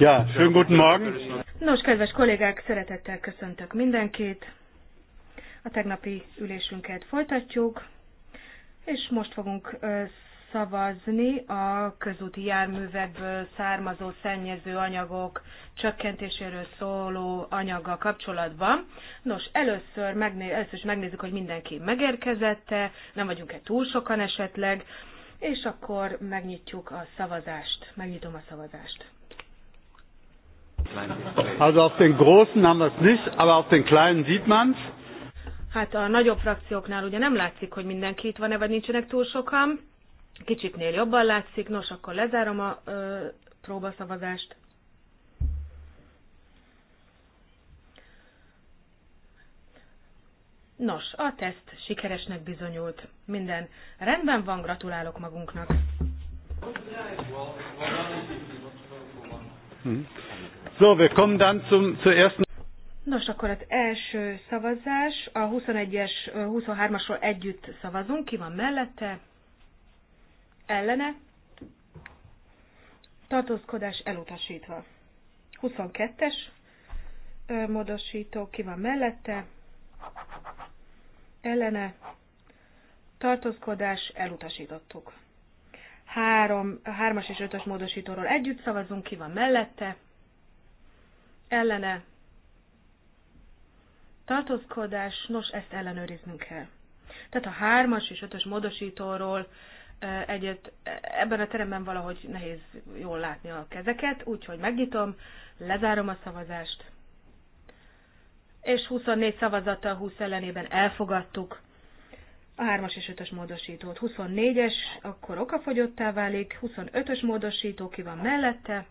Ja, schönen guten Morgen. Nos, kedves kollégák, szeretettel köszöntök mindenkit. A tegnapi ülésünket folytatjuk, és most fogunk szavazni a közúti járművekből származó szennyező anyagok csökkentéséről szóló anyaggal kapcsolatban. Nos, először, megné- először is megnézzük, hogy mindenki megérkezette, nem vagyunk-e túl sokan esetleg, és akkor megnyitjuk a szavazást, megnyitom a szavazást. Also auf den großen haben wir es nicht, aber auf den kleinen sieht Hát a nagyobb frakcióknál ugye nem látszik, hogy mindenki itt van-e, vagy nincsenek túl sokan. Kicsitnél jobban látszik. Nos, akkor lezárom a ö, próbaszavazást. Nos, a teszt sikeresnek bizonyult. Minden rendben van, gratulálok magunknak. Hmm. So, wir kommen dann zum, zur ersten. Nos, akkor az első szavazás, a 21-es, 23-asról együtt szavazunk, ki van mellette, ellene, tartózkodás elutasítva. 22-es módosító, ki van mellette, ellene, tartózkodás elutasítottuk. Három, hármas és ötös módosítóról együtt szavazunk, ki van mellette, ellene tartózkodás, nos, ezt ellenőriznünk kell. Tehát a hármas és ötös módosítóról egyet, ebben a teremben valahogy nehéz jól látni a kezeket, úgyhogy megnyitom, lezárom a szavazást, és 24 szavazattal 20 ellenében elfogadtuk a 3-as és 5-ös módosítót. 24-es, akkor okafogyottá válik, 25-ös módosító ki van mellette,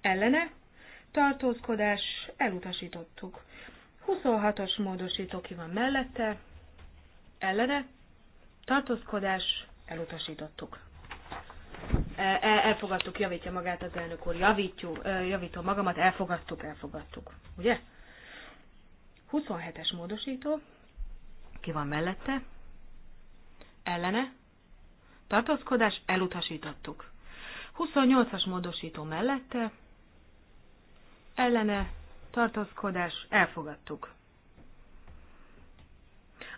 ellene, tartózkodás, elutasítottuk. 26-os módosító ki van mellette, ellene, tartózkodás, elutasítottuk. E, e, elfogadtuk, javítja magát az elnök úr, javítjuk, javítom magamat, elfogadtuk, elfogadtuk, ugye? 27-es módosító, ki van mellette, ellene, tartózkodás, elutasítottuk. 28-as módosító mellette, ellene tartózkodás elfogadtuk.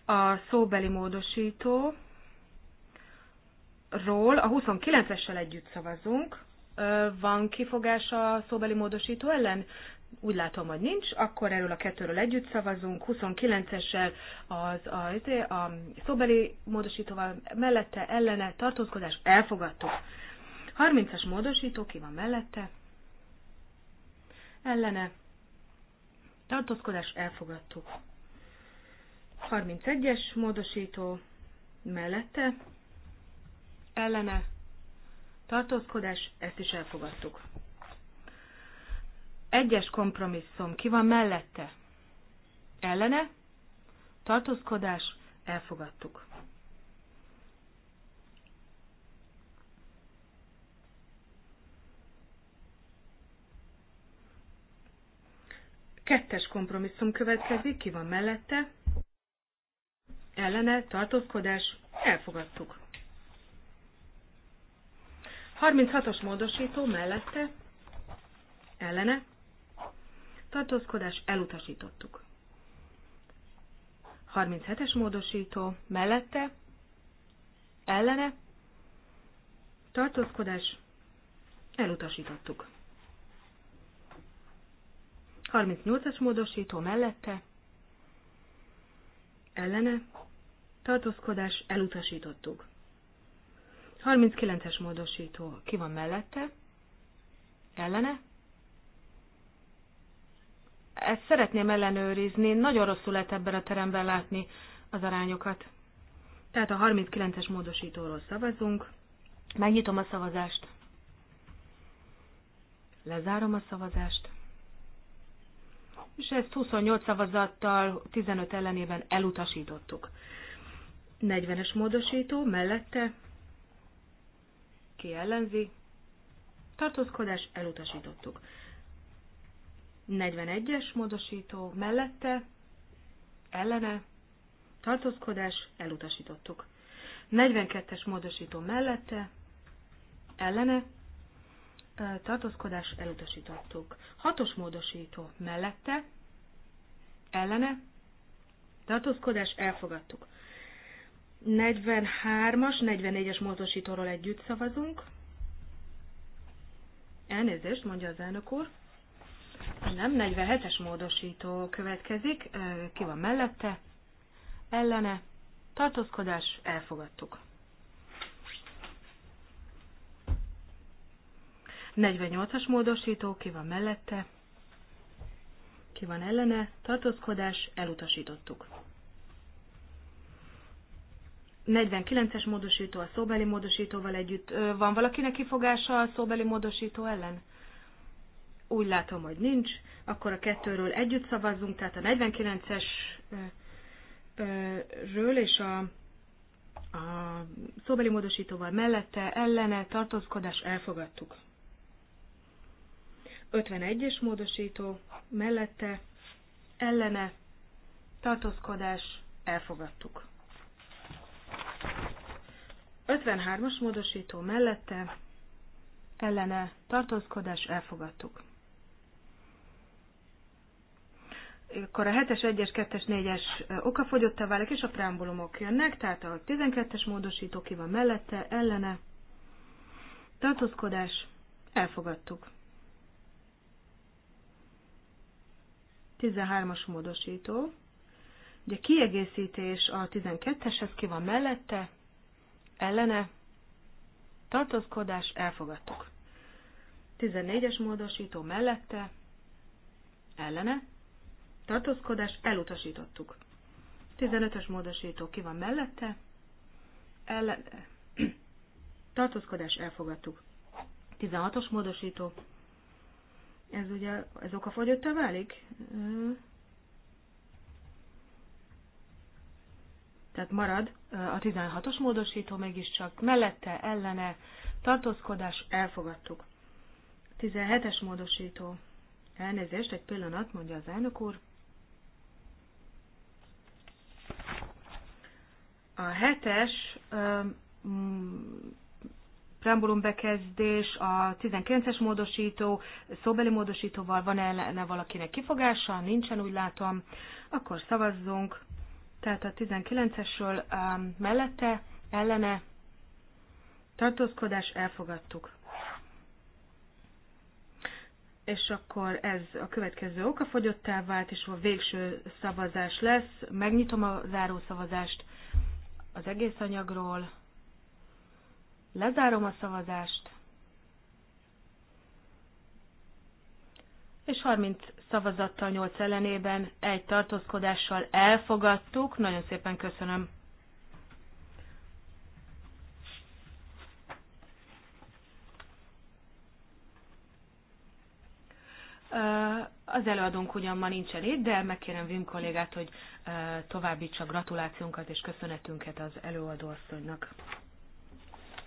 A szóbeli módosító ról a 29-essel együtt szavazunk. Van kifogás a szóbeli módosító ellen? Úgy látom, hogy nincs. Akkor erről a kettőről együtt szavazunk. 29-essel az, a, a szóbeli módosítóval mellette, ellene, tartózkodás, elfogadtuk. 30-as módosító, ki van mellette? ellene tartózkodás elfogadtuk. 31-es módosító mellette ellene tartózkodás, ezt is elfogadtuk. Egyes kompromisszum, ki van mellette? Ellene tartózkodás, elfogadtuk. Kettes kompromisszum következik, ki van mellette, ellene, tartózkodás, elfogadtuk. 36-os módosító mellette, ellene, tartózkodás, elutasítottuk. 37-es módosító mellette, ellene, tartózkodás, elutasítottuk. 38-as módosító mellette ellene tartózkodás elutasítottuk. 39-es módosító ki van mellette ellene ezt szeretném ellenőrizni, nagyon rosszul lehet ebben a teremben látni az arányokat. Tehát a 39-es módosítóról szavazunk, megnyitom a szavazást, lezárom a szavazást, és ezt 28 szavazattal 15 ellenében elutasítottuk. 40-es módosító mellette ki ellenzi, tartózkodás elutasítottuk. 41-es módosító mellette ellene tartózkodás elutasítottuk. 42-es módosító mellette ellene tartózkodás elutasítottuk. Hatos módosító mellette, ellene, tartózkodás elfogadtuk. 43-as, 44-es módosítóról együtt szavazunk. Elnézést, mondja az elnök úr. Nem, 47-es módosító következik. Ki van mellette? Ellene. Tartózkodás, elfogadtuk. 48-as módosító, ki van mellette, ki van ellene, tartózkodás, elutasítottuk. 49-es módosító a szóbeli módosítóval együtt. Van valakinek kifogása a szóbeli módosító ellen? Úgy látom, hogy nincs. Akkor a kettőről együtt szavazzunk, tehát a 49-esről és a, a szóbeli módosítóval mellette, ellene, tartózkodás elfogadtuk. 51-es módosító mellette ellene tartózkodás elfogadtuk. 53-as módosító mellette ellene tartózkodás elfogadtuk. Akkor a 7-es, 1-es, 2-es, 4-es okafogyottá válik, és a preambulumok jönnek, tehát a 12-es módosító ki van mellette, ellene, tartózkodás, elfogadtuk. 13-as módosító. Ugye kiegészítés a 12-eshez ki van mellette, ellene, tartózkodás, elfogadtuk. 14-es módosító mellette, ellene, tartózkodás, elutasítottuk. 15-ös módosító ki van mellette, ellene, tartózkodás, elfogadtuk. 16-os módosító ez ugye, ez okafogyottá válik? Tehát marad a 16-os módosító mégiscsak mellette, ellene, tartózkodás, elfogadtuk. 17-es módosító. Elnézést, egy pillanat, mondja az elnök úr. A 7-es preambulum bekezdés, a 19-es módosító, szóbeli módosítóval van ellene valakinek kifogása, nincsen, úgy látom, akkor szavazzunk. Tehát a 19-esről um, mellette, ellene, tartózkodás, elfogadtuk. És akkor ez a következő fogyottá vált, és a végső szavazás lesz. Megnyitom a záró szavazást az egész anyagról. Lezárom a szavazást. És 30 szavazattal 8 ellenében egy tartózkodással elfogadtuk. Nagyon szépen köszönöm. Az előadónk ugyan ma nincsen itt, de megkérem Vim kollégát, hogy továbbítsa gratulációnkat és köszönetünket az előadóasszonynak.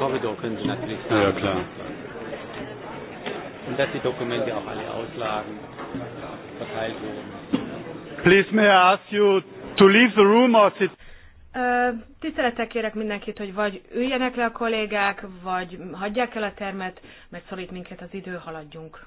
Korridor können Sie natürlich sagen. Ja, klar. Und dass die Dokumente auch alle auslagen, verteilt wurden. Please may I ask you to leave the room or sit... Uh, tisztelettel kérek mindenkit, hogy vagy üljenek le a kollégák, vagy hagyják el a termet, mert szorít minket az idő, haladjunk.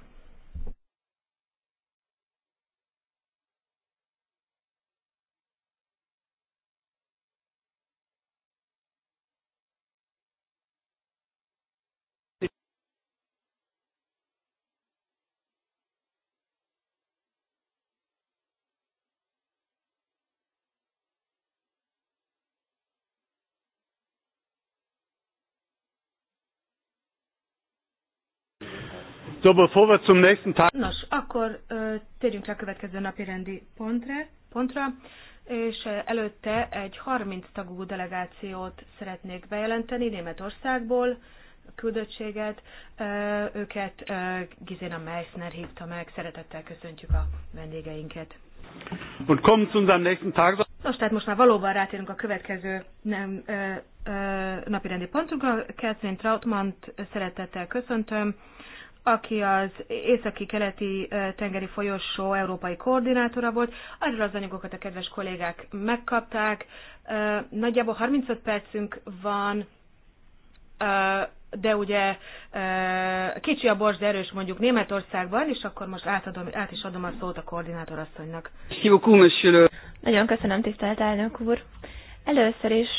So, bevor wir zum nächsten Teil... Nos, akkor uh, térjünk a következő napi rendi pontra, pontra, és előtte egy 30 tagú delegációt szeretnék bejelenteni Németországból, küldöttséget. Uh, őket uh, Gizina Meissner hívta meg, szeretettel köszöntjük a vendégeinket. Und kommen zu unserem nächsten Tag. Nos, tehát most már valóban rátérünk a következő nem, ö, ö, napirendi pontunkra. Catherine Trautmann szeretettel köszöntöm, aki az északi-keleti tengeri folyosó európai koordinátora volt. Arról az anyagokat a kedves kollégák megkapták. Nagyjából 35 percünk van, de ugye kicsi a borz, de erős mondjuk Németországban, és akkor most átadom, át is adom a szót a koordinátorasszonynak. Nagyon köszönöm, tisztelt elnök úr! Először is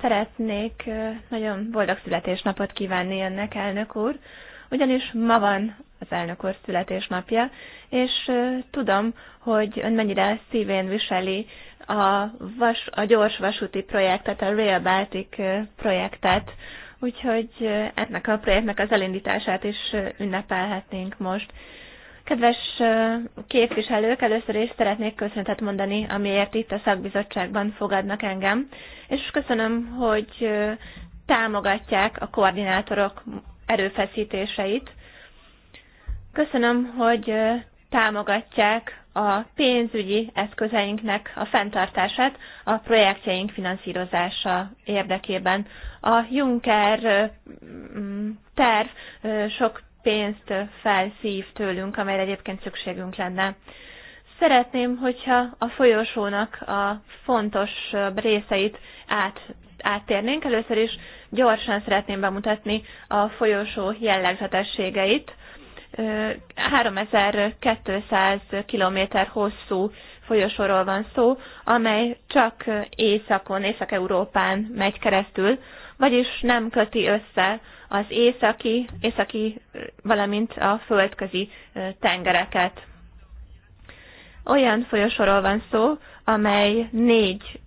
szeretnék nagyon boldog születésnapot kívánni önnek, elnök úr ugyanis ma van az elnök úr születésnapja, és tudom, hogy ön mennyire szívén viseli a, vas, a gyors vasúti projektet, a Rail Baltic projektet, úgyhogy ennek a projektnek az elindítását is ünnepelhetnénk most. Kedves képviselők, először is szeretnék köszönetet mondani, amiért itt a szakbizottságban fogadnak engem, és köszönöm, hogy támogatják a koordinátorok erőfeszítéseit. Köszönöm, hogy támogatják a pénzügyi eszközeinknek a fenntartását a projektjeink finanszírozása érdekében. A Juncker mm, terv sok pénzt felszív tőlünk, amelyre egyébként szükségünk lenne. Szeretném, hogyha a folyosónak a fontos részeit át áttérnénk. Először is gyorsan szeretném bemutatni a folyosó jellegzetességeit. 3200 km hosszú folyosóról van szó, amely csak északon, Észak-Európán megy keresztül, vagyis nem köti össze az északi, északi valamint a földközi tengereket. Olyan folyosóról van szó, amely négy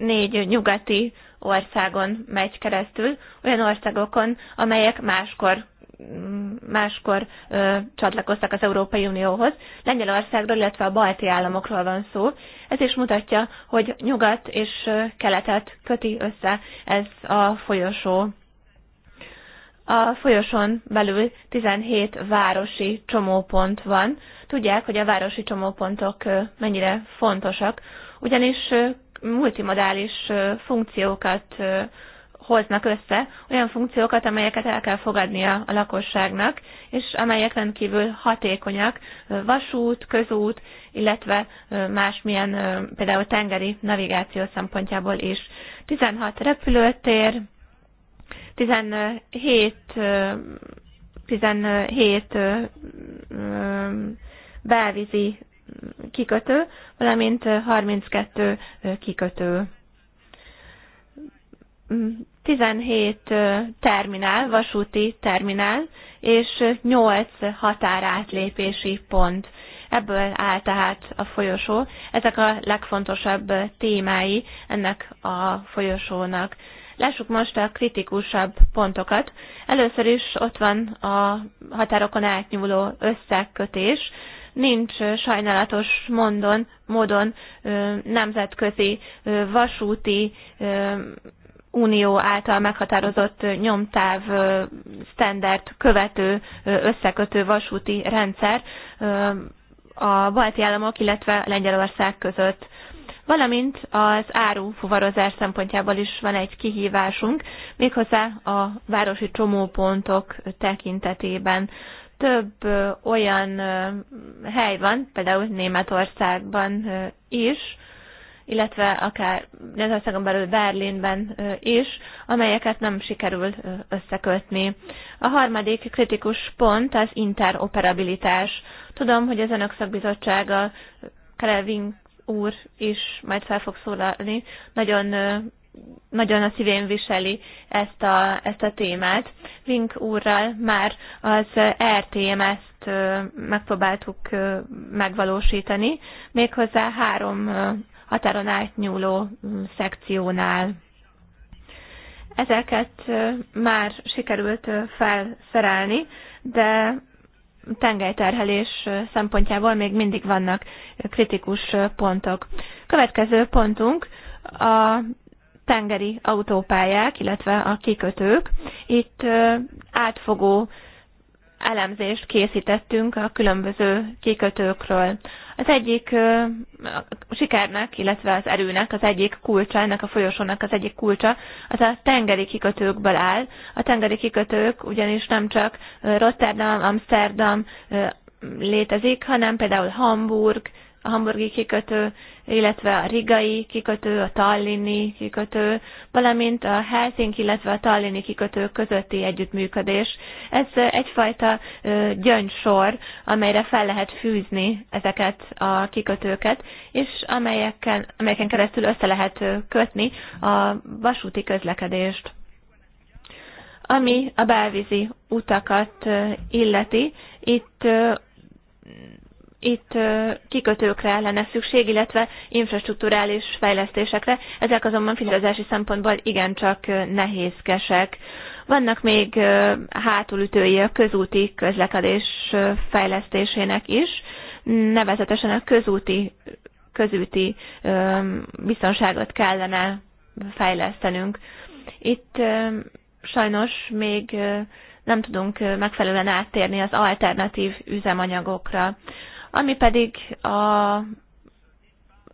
négy nyugati országon megy keresztül, olyan országokon, amelyek máskor máskor ö, csatlakoztak az Európai Unióhoz. Lengyelországról, illetve a balti államokról van szó. Ez is mutatja, hogy nyugat és keletet köti össze ez a folyosó. A folyosón belül 17 városi csomópont van. Tudják, hogy a városi csomópontok mennyire fontosak, ugyanis multimodális funkciókat hoznak össze, olyan funkciókat, amelyeket el kell fogadnia a lakosságnak, és amelyek rendkívül hatékonyak, vasút, közút, illetve másmilyen például tengeri navigáció szempontjából is. 16 repülőtér, 17, 17 belvízi kikötő, valamint 32 kikötő. 17 terminál, vasúti terminál, és 8 határátlépési pont. Ebből áll tehát a folyosó. Ezek a legfontosabb témái ennek a folyosónak. Lássuk most a kritikusabb pontokat. Először is ott van a határokon átnyúló összekötés, nincs sajnálatos mondon, módon nemzetközi vasúti unió által meghatározott nyomtáv standard követő összekötő vasúti rendszer a balti államok, illetve Lengyelország között. Valamint az áru fuvarozás szempontjából is van egy kihívásunk, méghozzá a városi csomópontok tekintetében több olyan hely van, például Németországban is, illetve akár Németországon belül Berlinben is, amelyeket nem sikerül összekötni. A harmadik kritikus pont az interoperabilitás. Tudom, hogy az Önök Szakbizottsága Kelvin úr is majd fel fog szólalni, nagyon nagyon a szívén viseli ezt a, ezt a témát. Vink úrral már az RTMS-t megpróbáltuk megvalósítani, méghozzá három határon átnyúló szekciónál. Ezeket már sikerült felszerelni, de tengelyterhelés szempontjából még mindig vannak kritikus pontok. Következő pontunk a tengeri autópályák, illetve a kikötők. Itt átfogó elemzést készítettünk a különböző kikötőkről. Az egyik a sikernek, illetve az erőnek az egyik kulcsa, ennek a folyosónak az egyik kulcsa, az a tengeri kikötőkből áll. A tengeri kikötők ugyanis nem csak Rotterdam, Amsterdam létezik, hanem például Hamburg, a hamburgi kikötő, illetve a rigai kikötő, a tallini kikötő, valamint a Helsinki, illetve a tallini kikötő közötti együttműködés. Ez egyfajta gyöngysor, amelyre fel lehet fűzni ezeket a kikötőket, és amelyeken, amelyeken keresztül össze lehet kötni a vasúti közlekedést ami a belvízi utakat illeti. Itt itt kikötőkre lenne szükség, illetve infrastruktúrális fejlesztésekre. Ezek azonban finanszírozási szempontból igencsak nehézkesek. Vannak még hátulütői a közúti közlekedés fejlesztésének is, nevezetesen a közúti, közúti biztonságot kellene fejlesztenünk. Itt sajnos még nem tudunk megfelelően áttérni az alternatív üzemanyagokra ami pedig a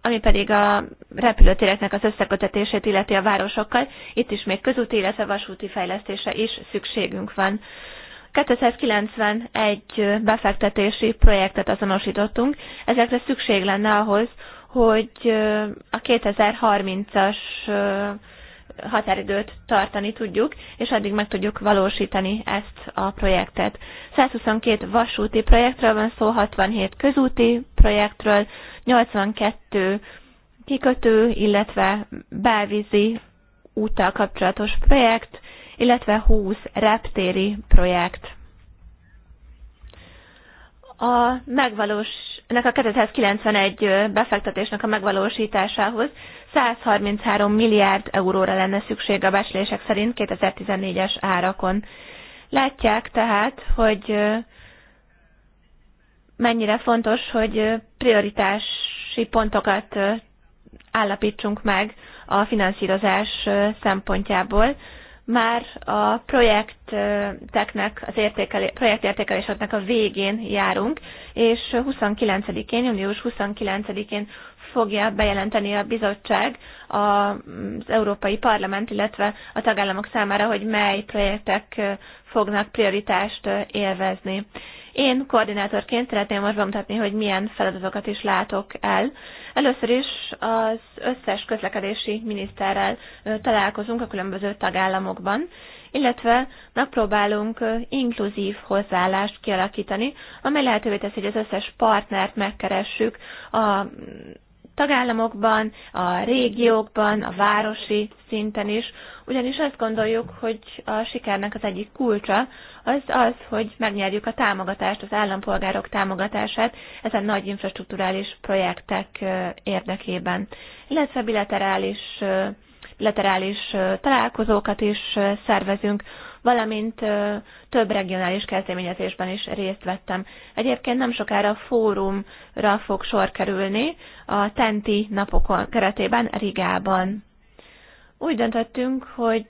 ami pedig a repülőtéreknek az összekötetését illeti a városokkal, itt is még közúti, illetve vasúti fejlesztése is szükségünk van. 291 befektetési projektet azonosítottunk, ezekre szükség lenne ahhoz, hogy a 2030-as határidőt tartani tudjuk, és addig meg tudjuk valósítani ezt a projektet. 122 vasúti projektről van szó, 67 közúti projektről, 82 kikötő, illetve belvízi úttal kapcsolatos projekt, illetve 20 reptéri projekt. A megvalós ennek a 291 befektetésnek a megvalósításához 133 milliárd euróra lenne szükség a becslések szerint 2014-es árakon. Látják tehát, hogy mennyire fontos, hogy prioritási pontokat állapítsunk meg a finanszírozás szempontjából már a projekteknek, az értékelé, projektértékeléseknek a végén járunk, és 29-én, június 29-én fogja bejelenteni a bizottság az Európai Parlament, illetve a tagállamok számára, hogy mely projektek fognak prioritást élvezni. Én koordinátorként szeretném most bemutatni, hogy milyen feladatokat is látok el. Először is az összes közlekedési miniszterrel találkozunk a különböző tagállamokban, illetve megpróbálunk inkluzív hozzáállást kialakítani, amely lehetővé teszi, hogy az összes partnert megkeressük a tagállamokban, a régiókban, a városi szinten is, ugyanis azt gondoljuk, hogy a sikernek az egyik kulcsa az az, hogy megnyerjük a támogatást, az állampolgárok támogatását ezen nagy infrastruktúrális projektek érdekében, illetve bilaterális bilaterális találkozókat is szervezünk valamint több regionális kezdeményezésben is részt vettem. Egyébként nem sokára fórumra fog sor kerülni a Tenti napok keretében Rigában. Úgy döntöttünk, hogy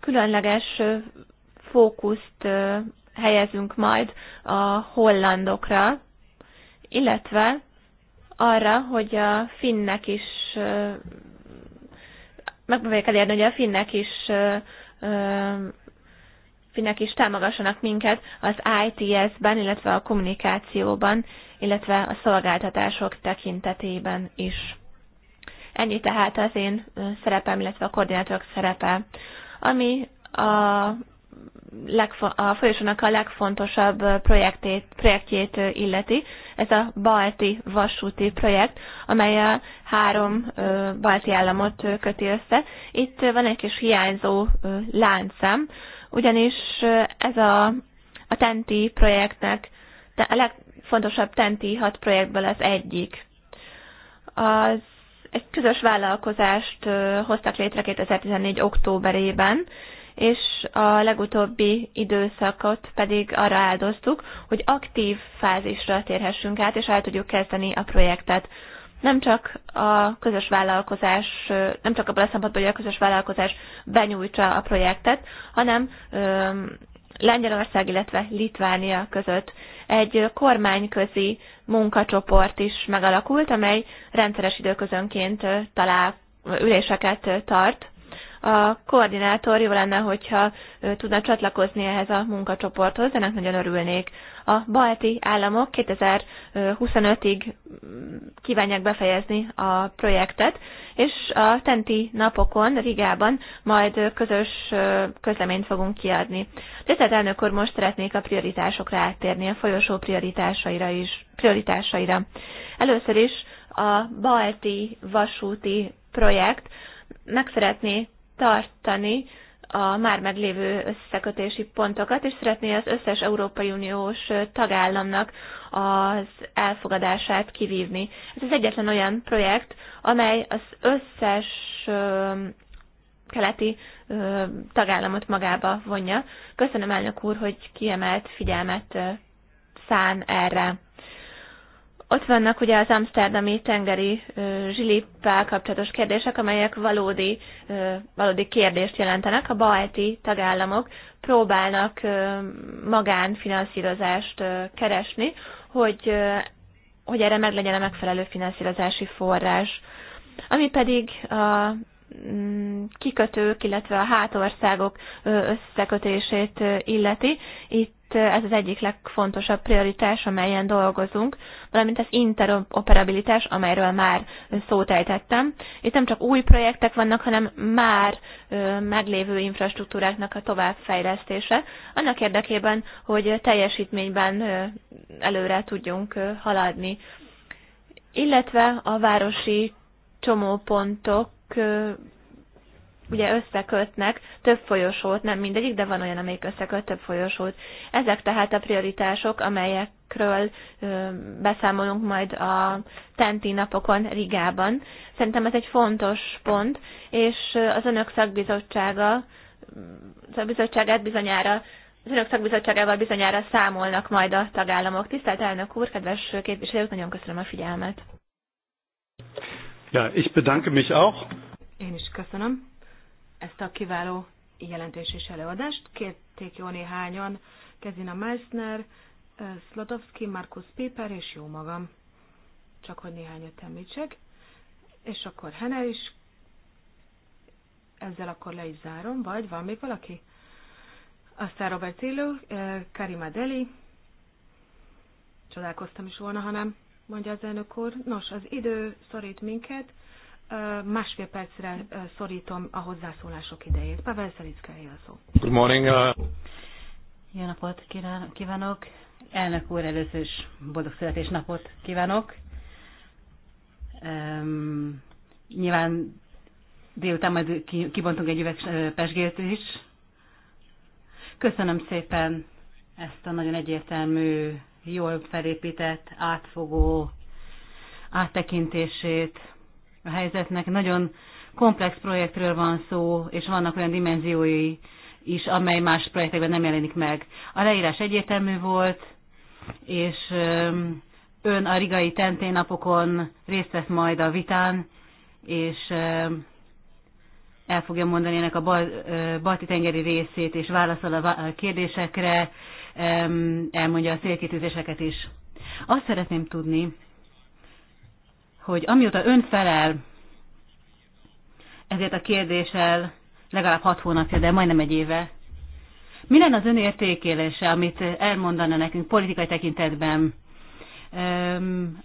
különleges fókuszt helyezünk majd a hollandokra, illetve arra, hogy a finnek is megpróbálják elérni, hogy a finnek is finek is támogassanak minket az ITS-ben, illetve a kommunikációban, illetve a szolgáltatások tekintetében is. Ennyi tehát az én szerepem, illetve a koordinátorok szerepe. Ami a a folyosónak a legfontosabb projektét, projektjét illeti. Ez a balti vasúti projekt, amely a három balti államot köti össze. Itt van egy kis hiányzó láncszem, ugyanis ez a, a TENTI projektnek a legfontosabb TENTI hat projektből az egyik. Az egy közös vállalkozást hoztak létre 2014. októberében, és a legutóbbi időszakot pedig arra áldoztuk, hogy aktív fázisra térhessünk át, és el tudjuk kezdeni a projektet. Nem csak a közös vállalkozás, nem csak abban a szempontból, hogy a közös vállalkozás benyújtsa a projektet, hanem Lengyelország, illetve Litvánia között egy kormányközi munkacsoport is megalakult, amely rendszeres időközönként talál üléseket tart a koordinátor jó lenne, hogyha tudna csatlakozni ehhez a munkacsoporthoz, ennek nagyon örülnék. A balti államok 2025-ig mm, kívánják befejezni a projektet, és a tenti napokon Rigában majd közös közleményt fogunk kiadni. Tisztelt elnök úr, most szeretnék a prioritásokra áttérni, a folyosó prioritásaira is, prioritásaira. Először is a balti vasúti projekt meg szeretné tartani a már meglévő összekötési pontokat, és szeretné az összes Európai Uniós tagállamnak az elfogadását kivívni. Ez az egyetlen olyan projekt, amely az összes keleti tagállamot magába vonja. Köszönöm elnök úr, hogy kiemelt figyelmet szán erre. Ott vannak ugye az amsterdami tengeri zsilippel kapcsolatos kérdések, amelyek valódi, valódi kérdést jelentenek. A balti tagállamok próbálnak magánfinanszírozást keresni, hogy, hogy erre legyen a megfelelő finanszírozási forrás. Ami pedig a Mm, kikötők, illetve a hátországok összekötését illeti. Itt ez az egyik legfontosabb prioritás, amelyen dolgozunk, valamint az interoperabilitás, amelyről már szót ejtettem. Itt nem csak új projektek vannak, hanem már meglévő infrastruktúráknak a továbbfejlesztése, annak érdekében, hogy teljesítményben előre tudjunk haladni. Illetve a városi csomópontok ugye összekötnek több folyosót, nem mindegyik, de van olyan, amelyik összeköt több folyosót. Ezek tehát a prioritások, amelyekről ö, beszámolunk majd a tenti napokon Rigában. Szerintem ez egy fontos pont, és az önök szakbizottsága, szakbizottságát bizonyára az önök szakbizottságával bizonyára számolnak majd a tagállamok. Tisztelt elnök úr, kedves képviselők, nagyon köszönöm a figyelmet. Ja, ich bedanke mich auch. Én is köszönöm ezt a kiváló jelentés és előadást. Kérték jó néhányan Kezina Meissner, Slotowski, eh, Markus Piper és jó magam. Csak hogy néhányat említsek. És akkor Hene is. Ezzel akkor le is zárom, vagy van még valaki? Aztán Robert Illu, eh, Karima Deli. Csodálkoztam is volna, ha nem mondja az elnök úr. Nos, az idő szorít minket, másfél percre szorítom a hozzászólások idejét. Pavel Szelicke, a szó. Good morning. Uh, Jó napot kívánok. Elnök úr, először is boldog születésnapot kívánok. Um, nyilván délután majd kibontunk egy üveg pesgélt is. Köszönöm szépen ezt a nagyon egyértelmű jól felépített, átfogó áttekintését a helyzetnek. Nagyon komplex projektről van szó, és vannak olyan dimenziói is, amely más projektekben nem jelenik meg. A leírás egyértelmű volt, és ön a rigai tentén napokon részt vesz majd a vitán, és el fogja mondani ennek a balti tengeri részét, és válaszol a kérdésekre, elmondja a célkitűzéseket is. Azt szeretném tudni, hogy amióta ön felel ezért a kérdéssel legalább hat hónapja, de majdnem egy éve, mi lenne az ön értékélése, amit elmondana nekünk politikai tekintetben?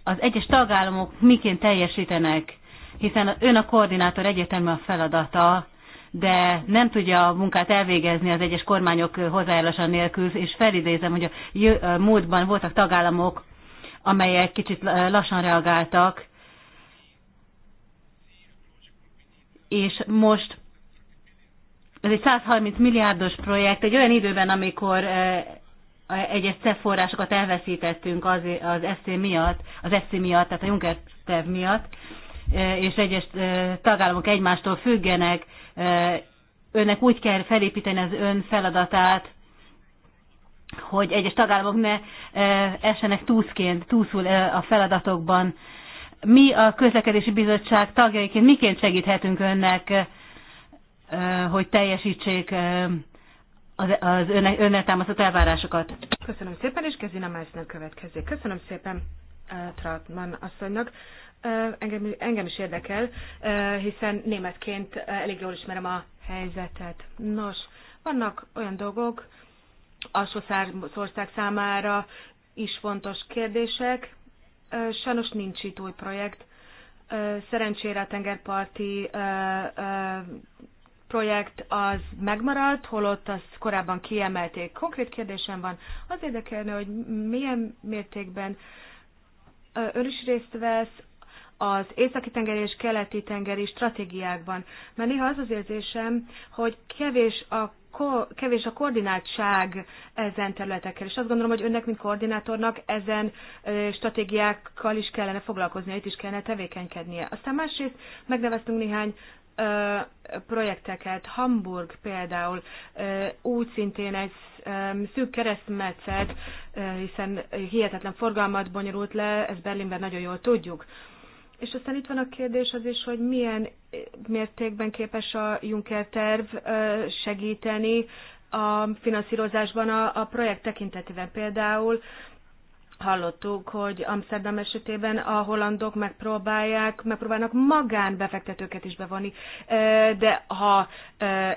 Az egyes tagállamok miként teljesítenek, hiszen ön a koordinátor egyértelmű a feladata, de nem tudja a munkát elvégezni az egyes kormányok hozzájárulása nélkül, és felidézem, hogy a múltban voltak tagállamok, amelyek kicsit lassan reagáltak, és most ez egy 130 milliárdos projekt, egy olyan időben, amikor e, egyes CEF forrásokat elveszítettünk az, az SC miatt, az SC miatt, tehát a Juncker terv miatt, E, és egyes e, tagállamok egymástól függenek, e, önnek úgy kell felépíteni az ön feladatát, hogy egyes tagállamok ne essenek túszként, túszul a feladatokban. Mi a közlekedési bizottság tagjaiként miként segíthetünk önnek, hogy teljesítsék az, az önnek, önnek támasztott elvárásokat? Köszönöm szépen, és Kezina Másznak következik. Köszönöm szépen Trautmann asszonynak engem, engem is érdekel, hiszen németként elég jól ismerem a helyzetet. Nos, vannak olyan dolgok, alsó ország számára is fontos kérdések. Sajnos nincs itt új projekt. Szerencsére a tengerparti projekt az megmaradt, holott azt korábban kiemelték. Konkrét kérdésem van, az érdekelne, hogy milyen mértékben ön is részt vesz az északi-tengeri és keleti-tengeri stratégiákban. Mert néha az az érzésem, hogy kevés a ko- kevés a koordinátság ezen területekkel, és azt gondolom, hogy önnek, mint koordinátornak ezen ö, stratégiákkal is kellene foglalkoznia, itt is kellene tevékenykednie. Aztán másrészt megneveztünk néhány ö, projekteket. Hamburg például ö, úgy szintén egy ö, szűk keresztmetszet, ö, hiszen hihetetlen forgalmat bonyolult le, ezt Berlinben nagyon jól tudjuk. Ö, és aztán itt van a kérdés az is, hogy milyen mértékben képes a Juncker terv segíteni a finanszírozásban a, a projekt tekintetében. Például hallottuk, hogy Amsterdam esetében a hollandok megpróbálják, megpróbálnak magánbefektetőket is bevonni, de ha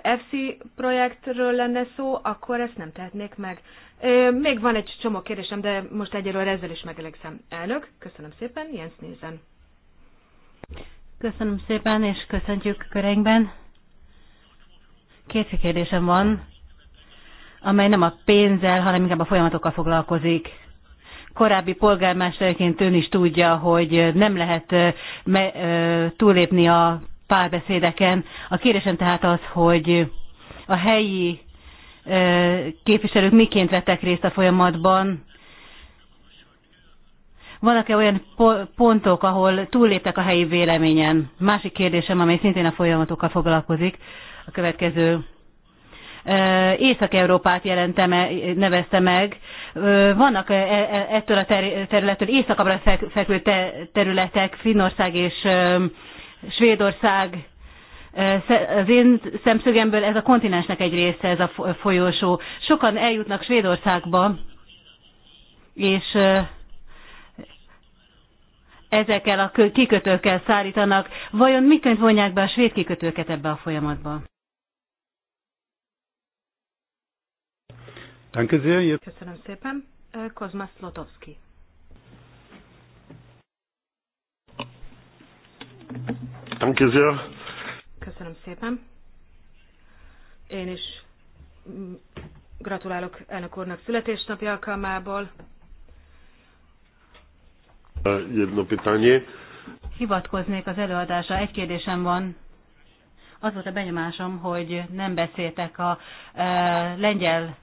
FC projektről lenne szó, akkor ezt nem tehetnék meg. Még van egy csomó kérdésem, de most egyelőre ezzel is megelegszem. Elnök, köszönöm szépen, Jens nézen. Köszönöm szépen, és köszöntjük köreinkben. Két kérdésem van, amely nem a pénzzel, hanem inkább a folyamatokkal foglalkozik. Korábbi polgármesterként ön is tudja, hogy nem lehet me- túlépni a párbeszédeken. A kérdésem tehát az, hogy a helyi képviselők miként vettek részt a folyamatban, vannak-e olyan pontok, ahol túlléptek a helyi véleményen? Másik kérdésem, amely szintén a folyamatokkal foglalkozik, a következő. Észak-Európát jelente, nevezte meg. Vannak e, e, ettől a területtől északabbra fekvő területek, Finnország és Svédország. Az én szemszögemből ez a kontinensnek egy része, ez a folyósó. Sokan eljutnak Svédországba, és ezekkel a kikötőkkel szállítanak. Vajon miként vonják be a svéd kikötőket ebbe a folyamatba? Köszönöm szépen. Kozma Slotowski. Köszönöm szépen. Én is mm, gratulálok elnök úrnak születésnapja alkalmából. Jedno pytanie. Hivatkoznék az előadásra. Egy kérdésem van. Az volt a benyomásom, hogy nem beszéltek a e, lengyel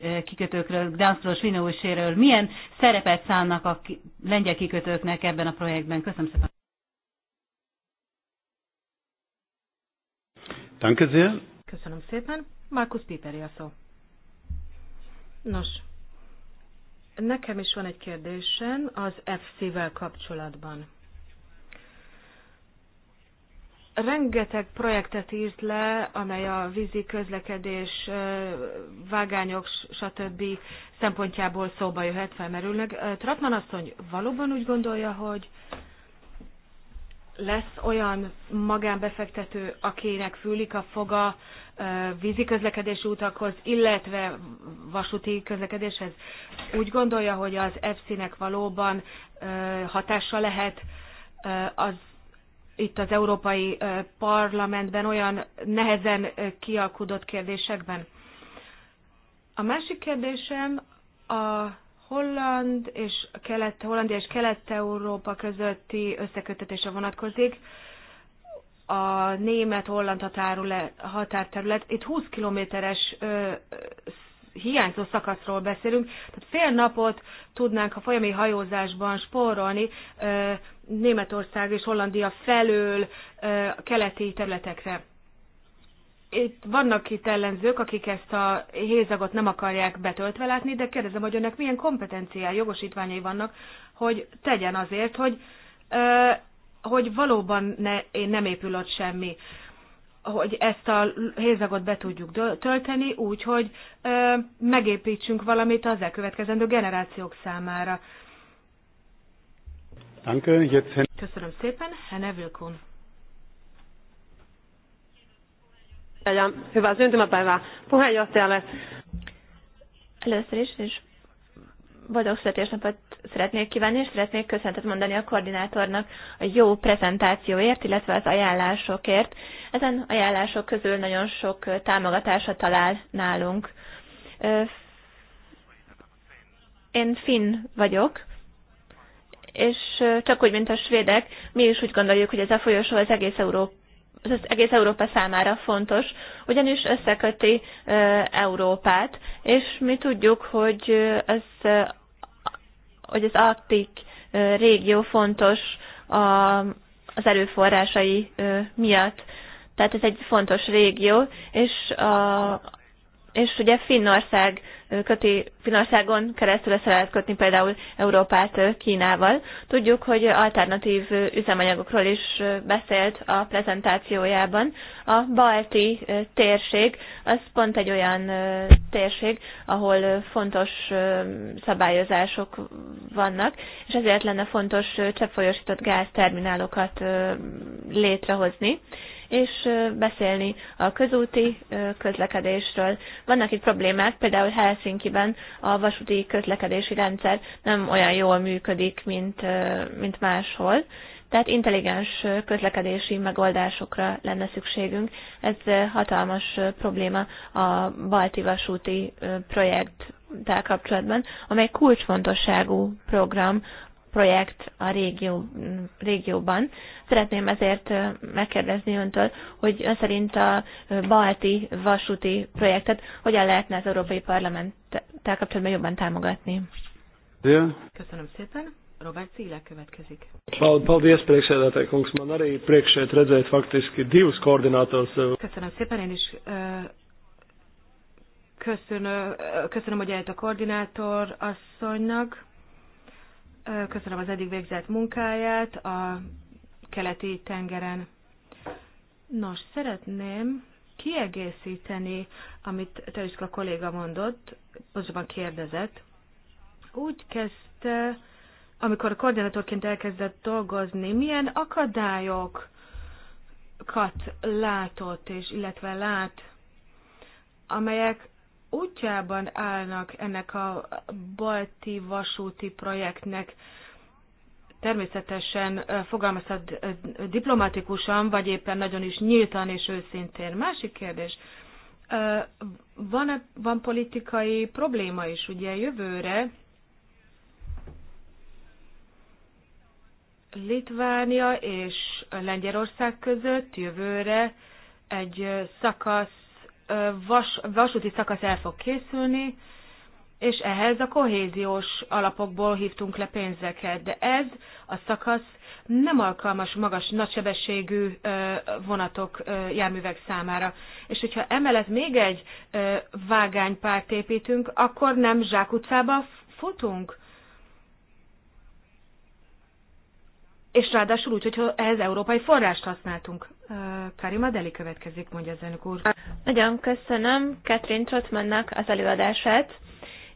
e, kikötőkről, Gdanszról, Svinóuséről. Milyen szerepet szánnak a lengyel kikötőknek ebben a projektben? Köszönöm szépen. Danke Köszönöm szépen. Markus Piperi a szó. Nos, Nekem is van egy kérdésem az FC-vel kapcsolatban. Rengeteg projektet írt le, amely a vízi közlekedés, vágányok, stb. szempontjából szóba jöhet, felmerülnek. Tratman asszony valóban úgy gondolja, hogy lesz olyan magánbefektető, akinek fűlik a foga vízi közlekedési utakhoz, illetve vasúti közlekedéshez. Úgy gondolja, hogy az EFSZ-nek valóban hatása lehet az itt az Európai Parlamentben olyan nehezen kialkudott kérdésekben. A másik kérdésem a holland és kelet, Hollandia és Kelet-Európa közötti összekötetése vonatkozik a német-holland határterület, itt 20 kilométeres hiányzó szakaszról beszélünk, tehát fél napot tudnánk a folyami hajózásban spórolni ö, Németország és Hollandia felől ö, a keleti területekre. Itt vannak itt ellenzők, akik ezt a hézagot nem akarják betöltve látni, de kérdezem, hogy önnek milyen kompetenciál jogosítványai vannak, hogy tegyen azért, hogy ö, hogy valóban ne, nem épül ott semmi, hogy ezt a hézagot be tudjuk tölteni, úgy, hogy ö, megépítsünk valamit az elkövetkezendő generációk számára. Köszönöm szépen, Hene Vilkun. Hyvää syntymäpäivää puheenjohtajalle. Először is, és boldog születésnapot szeretnék kívánni, és szeretnék köszöntet mondani a koordinátornak a jó prezentációért, illetve az ajánlásokért. Ezen ajánlások közül nagyon sok támogatása talál nálunk. Én finn vagyok, és csak úgy, mint a svédek, mi is úgy gondoljuk, hogy ez a folyosó az egész Európa ez egész Európa számára fontos, ugyanis összeköti Európát, és mi tudjuk, hogy az, hogy az Arktik régió fontos a, az erőforrásai miatt. Tehát ez egy fontos régió, és, a, és ugye Finnország köti, Finországon keresztül össze lehet kötni például Európát Kínával. Tudjuk, hogy alternatív üzemanyagokról is beszélt a prezentációjában. A balti térség az pont egy olyan térség, ahol fontos szabályozások vannak, és ezért lenne fontos cseppfolyósított gázterminálokat létrehozni és beszélni a közúti közlekedésről. Vannak itt problémák, például Helsinki-ben a vasúti közlekedési rendszer nem olyan jól működik, mint, mint máshol. Tehát intelligens közlekedési megoldásokra lenne szükségünk. Ez hatalmas probléma a Balti vasúti projekt kapcsolatban, amely kulcsfontosságú program projekt a régió, régióban. Szeretném ezért megkérdezni öntől, hogy ön szerint a balti vasúti projektet hogyan lehetne az Európai Parlamenttel kapcsolatban jobban támogatni? Köszönöm szépen. Robert Zīle következik. Paldies, priekšsēdētāji kungs. Man arī priekš redzēt faktiski divus koordinātors. Köszönöm szépen, én is köszönöm, köszönöm hogy eljött a koordinátor asszonynak. Köszönöm az eddig végzett munkáját a keleti tengeren. Nos, szeretném kiegészíteni, amit a kolléga mondott, pontosabban kérdezett. Úgy kezdte, amikor a koordinátorként elkezdett dolgozni, milyen akadályokat látott, és illetve lát, amelyek útjában állnak ennek a balti vasúti projektnek. Természetesen fogalmazhat diplomatikusan, vagy éppen nagyon is nyíltan és őszintén. Másik kérdés, van, -e, van politikai probléma is, ugye jövőre Litvánia és Lengyelország között jövőre egy szakasz vas, vasúti szakasz el fog készülni, és ehhez a kohéziós alapokból hívtunk le pénzeket, de ez a szakasz nem alkalmas magas, nagysebességű vonatok, járművek számára. És hogyha emellett még egy vágánypárt építünk, akkor nem zsákutcába futunk. és ráadásul úgy, hogyha ehhez európai forrást használtunk. Karima Deli következik, mondja az elnök úr. Nagyon köszönöm Katrin Trotmannak az előadását.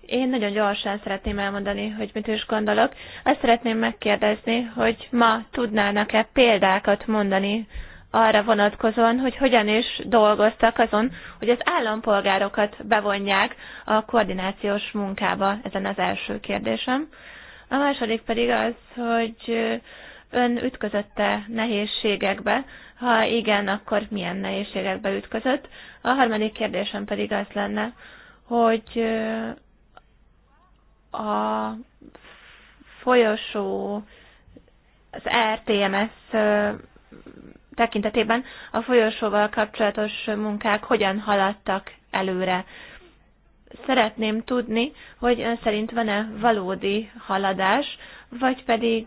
Én nagyon gyorsan szeretném elmondani, hogy mit is gondolok. Azt szeretném megkérdezni, hogy ma tudnának-e példákat mondani arra vonatkozóan, hogy hogyan is dolgoztak azon, hogy az állampolgárokat bevonják a koordinációs munkába. Ezen az első kérdésem. A második pedig az, hogy Ön ütközötte nehézségekbe? Ha igen, akkor milyen nehézségekbe ütközött? A harmadik kérdésem pedig az lenne, hogy a folyosó, az RTMS tekintetében a folyosóval kapcsolatos munkák hogyan haladtak előre. Szeretném tudni, hogy ön szerint van-e valódi haladás, vagy pedig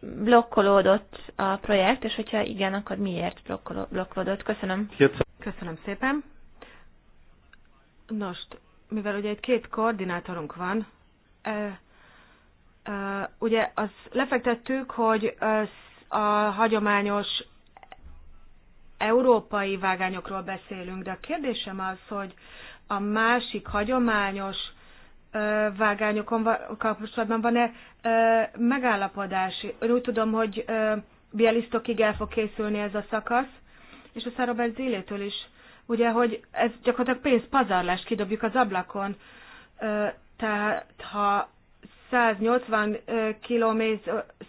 blokkolódott a projekt, és hogyha igen, akkor miért blokkolódott? Köszönöm. Köszönöm szépen. Nos, mivel ugye egy két koordinátorunk van, e, e, ugye az lefektettük, hogy a hagyományos európai vágányokról beszélünk, de a kérdésem az, hogy a másik hagyományos vágányokon, kapcsolatban van-e megállapodás? Én úgy tudom, hogy Bielistokig el fog készülni ez a szakasz, és a Szárobert Zélétől is. Ugye, hogy ez gyakorlatilag pénzpazarlás, kidobjuk az ablakon. Tehát ha 180 km,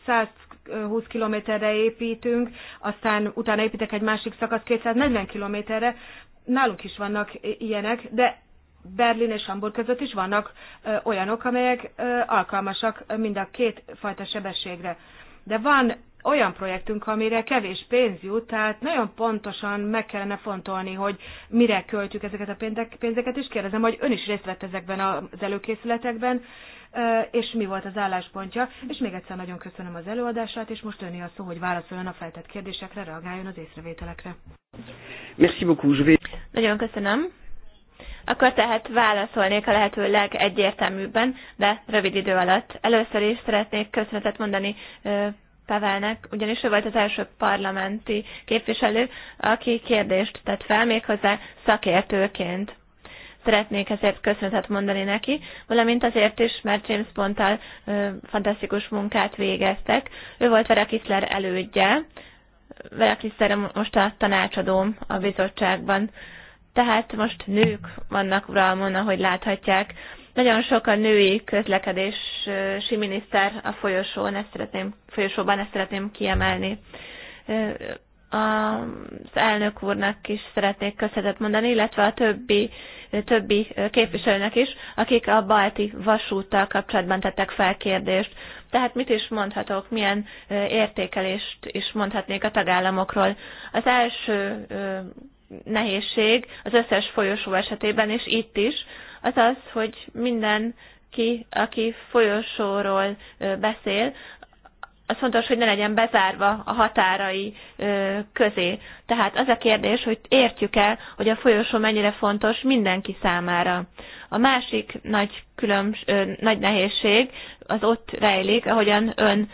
120 kilométerre építünk, aztán utána építek egy másik szakasz 240 kilométerre, nálunk is vannak ilyenek, de Berlin és Hamburg között is vannak olyanok, amelyek alkalmasak mind a két fajta sebességre. De van olyan projektünk, amire kevés pénz jut, tehát nagyon pontosan meg kellene fontolni, hogy mire költjük ezeket a pénzeket, és kérdezem, hogy ön is részt vett ezekben az előkészületekben, és mi volt az álláspontja, és még egyszer nagyon köszönöm az előadását, és most öné a szó, hogy válaszoljon a feltett kérdésekre, reagáljon az észrevételekre. Merci beaucoup, je vais... Nagyon köszönöm. Akkor tehát válaszolnék a lehető legegyértelműbben, de rövid idő alatt. Először is szeretnék köszönetet mondani Pavelnek, ugyanis ő volt az első parlamenti képviselő, aki kérdést tett fel, méghozzá szakértőként. Szeretnék ezért köszönetet mondani neki, valamint azért is, mert James Bondtal fantasztikus munkát végeztek. Ő volt Vera Kiszler elődje, Vera Kiszler most a tanácsadóm a bizottságban. Ö, tehát most nők vannak uralmon, ahogy láthatják. Nagyon sok a női közlekedési miniszter a folyosón, ezt szeretném, folyosóban ezt szeretném kiemelni. Az elnök úrnak is szeretnék köszönetet mondani, illetve a többi, többi képviselőnek is, akik a balti vasúttal kapcsolatban tettek fel kérdést. Tehát mit is mondhatok, milyen értékelést is mondhatnék a tagállamokról. Az első nehézség az összes folyosó esetében, és itt is, az az, hogy mindenki, aki folyosóról beszél, az fontos, hogy ne legyen bezárva a határai közé. Tehát az a kérdés, hogy értjük el, hogy a folyosó mennyire fontos mindenki számára. A másik nagy, különbs, nagy nehézség az ott rejlik, ahogyan ön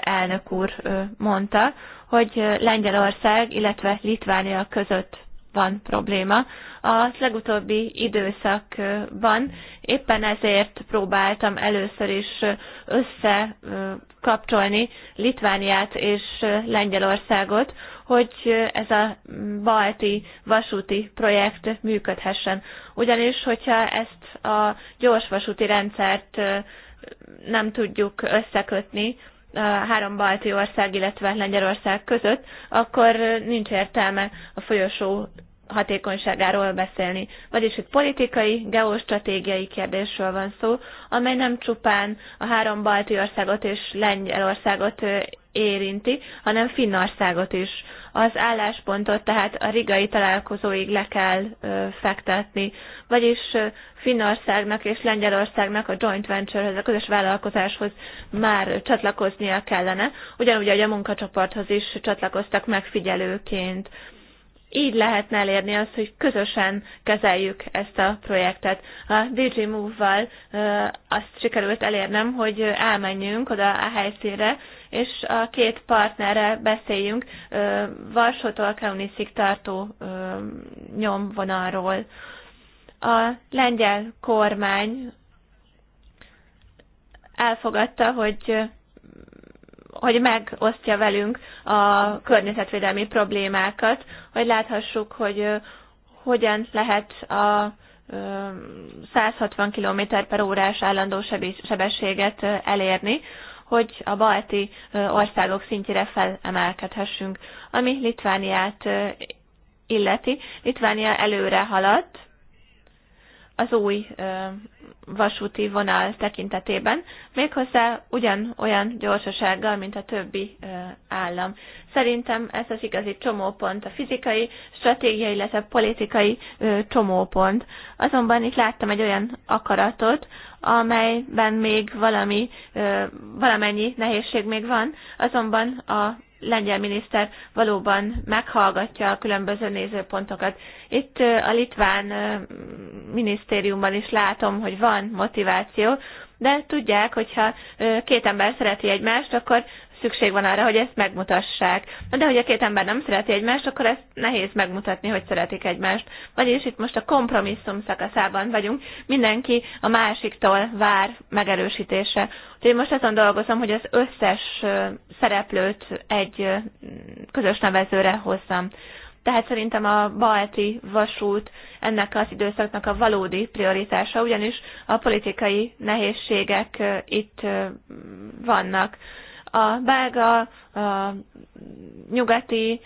elnök úr mondta, hogy Lengyelország, illetve Litvánia között van probléma. A legutóbbi időszakban éppen ezért próbáltam először is összekapcsolni Litvániát és Lengyelországot, hogy ez a balti vasúti projekt működhessen. Ugyanis, hogyha ezt a gyorsvasúti rendszert nem tudjuk összekötni, a három balti ország, illetve Lengyelország között, akkor nincs értelme a folyosó hatékonyságáról beszélni. Vagyis itt politikai, geostratégiai kérdésről van szó, amely nem csupán a három balti országot és Lengyelországot érinti, hanem Finnországot is. Az álláspontot tehát a rigai találkozóig le kell ö, fektetni, vagyis ö, Finnországnak és Lengyelországnak a joint venturehez, a közös vállalkozáshoz már csatlakoznia kellene, ugyanúgy, ahogy a munkacsoporthoz is csatlakoztak megfigyelőként. Ö, így lehetne elérni azt, hogy közösen kezeljük ezt a projektet. A DJ Move-val azt sikerült elérnem, hogy elmenjünk oda a helyszínre, és a két partnerre beszéljünk Varsótól Kaunisig tartó nyomvonalról. A lengyel kormány elfogadta, hogy hogy megosztja velünk a környezetvédelmi problémákat, hogy láthassuk, hogy hogyan lehet a 160 km per órás állandó sebességet elérni, hogy a balti országok szintjére felemelkedhessünk, ami Litvániát illeti. Litvánia előre haladt, az új vasúti vonal tekintetében, méghozzá ugyanolyan gyorsasággal, mint a többi állam. Szerintem ez az igazi csomópont, a fizikai, stratégiai, illetve politikai csomópont. Azonban itt láttam egy olyan akaratot, amelyben még valami, valamennyi nehézség még van, azonban a lengyel miniszter valóban meghallgatja a különböző nézőpontokat. Itt a litván minisztériumban is látom, hogy van motiváció, de tudják, hogyha két ember szereti egymást, akkor szükség van arra, hogy ezt megmutassák. Na de hogy a két ember nem szereti egymást, akkor ezt nehéz megmutatni, hogy szeretik egymást. Vagyis itt most a kompromisszum szakaszában vagyunk, mindenki a másiktól vár megerősítése. Úgyhogy most azon dolgozom, hogy az összes szereplőt egy közös nevezőre hozzam. Tehát szerintem a balti vasút ennek az időszaknak a valódi prioritása, ugyanis a politikai nehézségek itt vannak a belga, a nyugati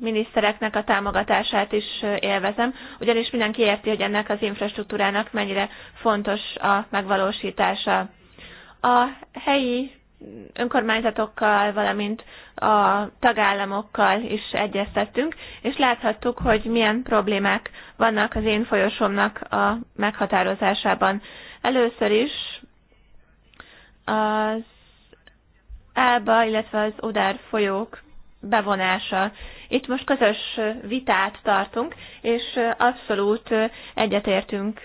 minisztereknek a támogatását is élvezem, ugyanis mindenki érti, hogy ennek az infrastruktúrának mennyire fontos a megvalósítása. A helyi önkormányzatokkal, valamint a tagállamokkal is egyeztettünk, és láthattuk, hogy milyen problémák vannak az én folyosomnak a meghatározásában. Először is az Elba, illetve az Oder folyók bevonása. Itt most közös vitát tartunk, és abszolút egyetértünk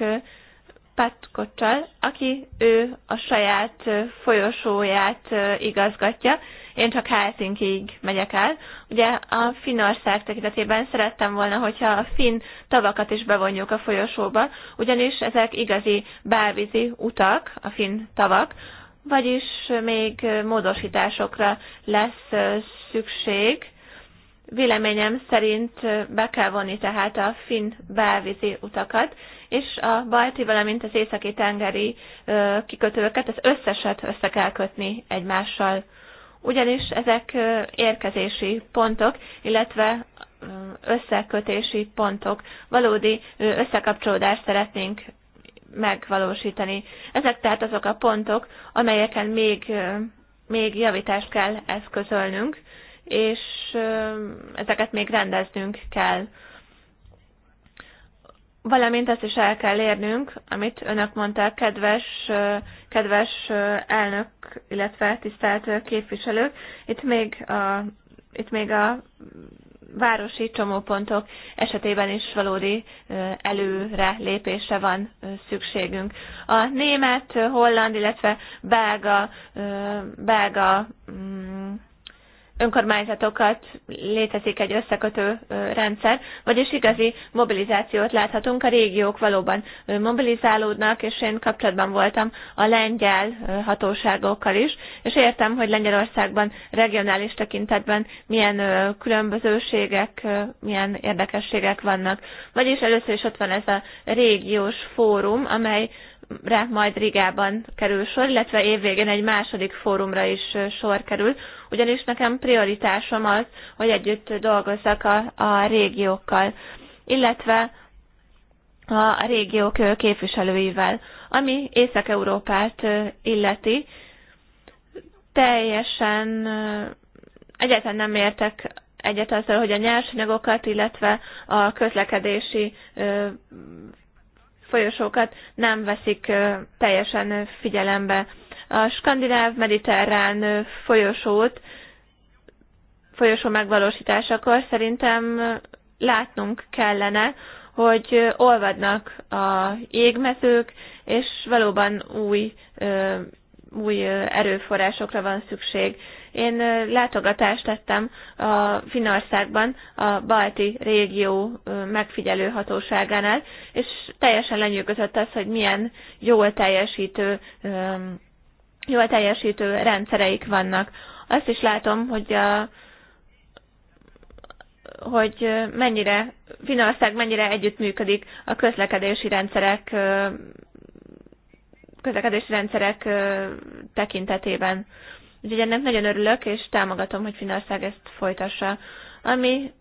Patkocsal, aki ő a saját folyosóját igazgatja. Én csak Helsinkiig megyek el. Ugye a Finnország tekintetében szerettem volna, hogyha a finn tavakat is bevonjuk a folyosóba, ugyanis ezek igazi bárvízi utak, a finn tavak, vagyis még módosításokra lesz szükség. Véleményem szerint be kell vonni tehát a finn belvízi utakat, és a balti, valamint az északi tengeri kikötőket, az összeset össze kell kötni egymással. Ugyanis ezek érkezési pontok, illetve összekötési pontok. Valódi összekapcsolódást szeretnénk megvalósítani. Ezek tehát azok a pontok, amelyeken még, még javítást kell eszközölnünk, és ezeket még rendeznünk kell. Valamint azt is el kell érnünk, amit önök mondták, kedves, kedves elnök, illetve tisztelt képviselők. Itt még a, itt még a városi csomópontok esetében is valódi előre lépése van szükségünk. A német, holland, illetve belga, belga mm, önkormányzatokat létezik egy összekötő rendszer, vagyis igazi mobilizációt láthatunk, a régiók valóban mobilizálódnak, és én kapcsolatban voltam a lengyel hatóságokkal is, és értem, hogy Lengyelországban regionális tekintetben milyen különbözőségek, milyen érdekességek vannak. Vagyis először is ott van ez a régiós fórum, amely fórumra majd Rigában kerül sor, illetve évvégén egy második fórumra is sor kerül, ugyanis nekem prioritásom az, hogy együtt dolgozzak a, a régiókkal, illetve a régiók képviselőivel. Ami Észak-Európát illeti, teljesen egyáltalán nem értek egyet azzal, hogy a nyersanyagokat, illetve a közlekedési folyosókat nem veszik teljesen figyelembe. A skandináv-mediterrán folyosót, folyosó megvalósításakor szerintem látnunk kellene, hogy olvadnak a jégmezők, és valóban új, új erőforrásokra van szükség. Én látogatást tettem a Finországban a Balti régió megfigyelő hatóságánál, és teljesen lenyűgözött az, hogy milyen jól teljesítő, jól teljesítő rendszereik vannak. Azt is látom, hogy a, hogy mennyire, Finország mennyire együttműködik a közlekedési rendszerek közlekedési rendszerek tekintetében. Úgyhogy ennek nagyon örülök, és támogatom, hogy Finország ezt folytassa. Ami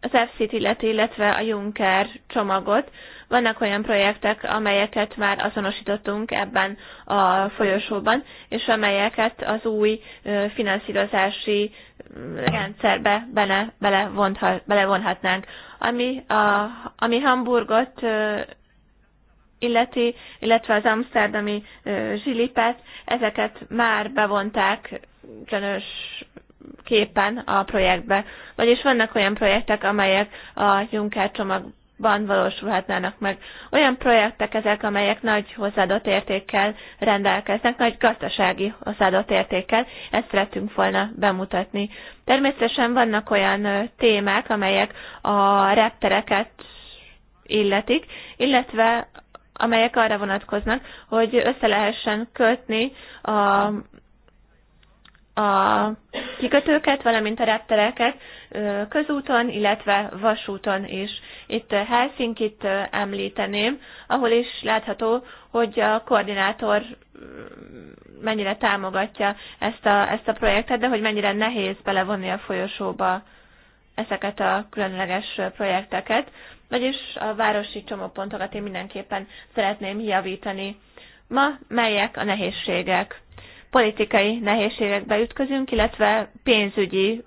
az FC-t illeti, illetve a Juncker csomagot. Vannak olyan projektek, amelyeket már azonosítottunk ebben a folyosóban, és amelyeket az új finanszírozási rendszerbe bele, belevonhatnánk. Ami, a, ami Hamburgot illeti, illetve az amsterdami zsilipet, ezeket már bevonták különös képen a projektbe. Vagyis vannak olyan projektek, amelyek a Juncker csomagban valósulhatnának meg. Olyan projektek ezek, amelyek nagy hozzáadott értékkel rendelkeznek, nagy gazdasági hozzáadott értékkel, ezt szerettünk volna bemutatni. Természetesen vannak olyan témák, amelyek a reptereket illetik, illetve amelyek arra vonatkoznak, hogy össze lehessen kötni a, a kikötőket, valamint a reptereket közúton, illetve vasúton is. Itt Helsinkit említeném, ahol is látható, hogy a koordinátor mennyire támogatja ezt a, ezt a projektet, de hogy mennyire nehéz belevonni a folyosóba ezeket a különleges projekteket. Vagyis a városi csomópontokat én mindenképpen szeretném javítani. Ma melyek a nehézségek? Politikai nehézségekbe ütközünk, illetve pénzügyi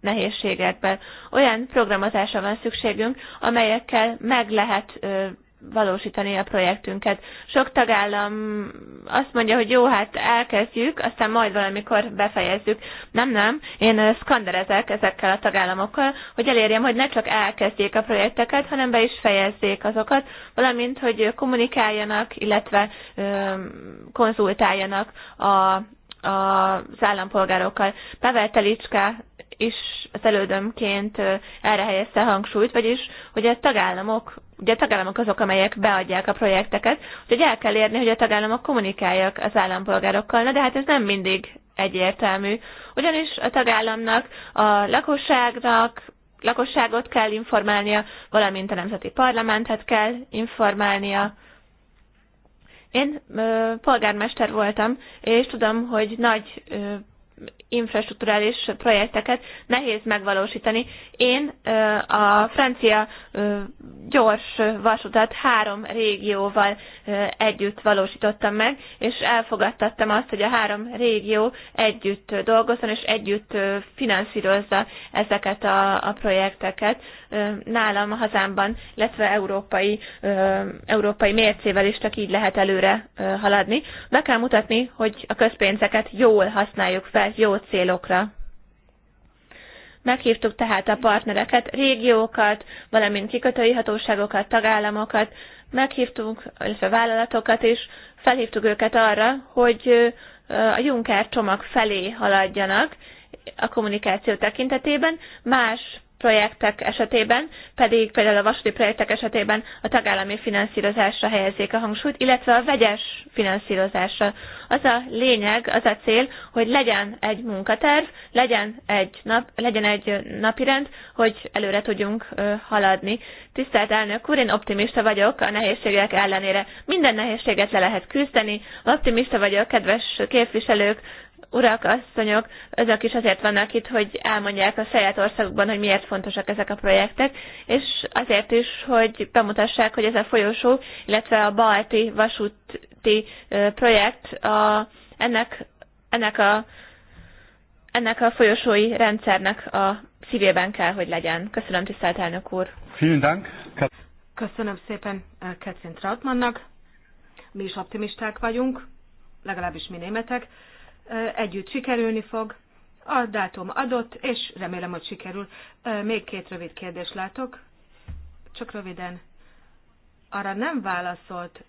nehézségekbe. Olyan programozásra van szükségünk, amelyekkel meg lehet valósítani a projektünket. Sok tagállam azt mondja, hogy jó, hát elkezdjük, aztán majd valamikor befejezzük. Nem, nem, én skanderezek ezekkel a tagállamokkal, hogy elérjem, hogy ne csak elkezdjék a projekteket, hanem be is fejezzék azokat, valamint, hogy kommunikáljanak, illetve ö, konzultáljanak a az állampolgárokkal. Pavel Telicska is az elődömként erre helyezte hangsúlyt, vagyis, hogy a tagállamok, ugye a tagállamok azok, amelyek beadják a projekteket, hogy el kell érni, hogy a tagállamok kommunikálják az állampolgárokkal, na de hát ez nem mindig egyértelmű. Ugyanis a tagállamnak, a lakosságnak, lakosságot kell informálnia, valamint a nemzeti parlamentet kell informálnia. Én ö, polgármester voltam, és tudom, hogy nagy ö, infrastruktúrális projekteket nehéz megvalósítani. Én a francia gyors vasutat három régióval együtt valósítottam meg, és elfogadtattam azt, hogy a három régió együtt dolgozzon, és együtt finanszírozza ezeket a, a projekteket nálam a hazámban, illetve európai, európai mércével is csak így lehet előre haladni. Be kell mutatni, hogy a közpénzeket jól használjuk fel, jó célokra. Meghívtuk tehát a partnereket, régiókat, valamint kikötői hatóságokat, tagállamokat, meghívtunk, illetve vállalatokat is, felhívtuk őket arra, hogy a Juncker csomag felé haladjanak a kommunikáció tekintetében. Más projektek esetében, pedig például a vasúti projektek esetében a tagállami finanszírozásra helyezzék a hangsúlyt, illetve a vegyes finanszírozásra. Az a lényeg, az a cél, hogy legyen egy munkaterv, legyen egy, nap, legyen egy napirend, hogy előre tudjunk haladni. Tisztelt elnök úr, én optimista vagyok a nehézségek ellenére. Minden nehézséget le lehet küzdeni. Optimista vagyok, kedves képviselők, urak, asszonyok, azok is azért vannak itt, hogy elmondják a saját országukban, hogy miért fontosak ezek a projektek, és azért is, hogy bemutassák, hogy ez a folyosó, illetve a balti vasúti projekt a, ennek, ennek a ennek a folyosói rendszernek a szívében kell, hogy legyen. Köszönöm, tisztelt elnök úr. Köszönöm szépen Kecint eh, Trautmannnak. Mi is optimisták vagyunk, legalábbis mi németek együtt sikerülni fog. A dátum adott, és remélem, hogy sikerül. Még két rövid kérdést látok. Csak röviden. Arra nem válaszolt,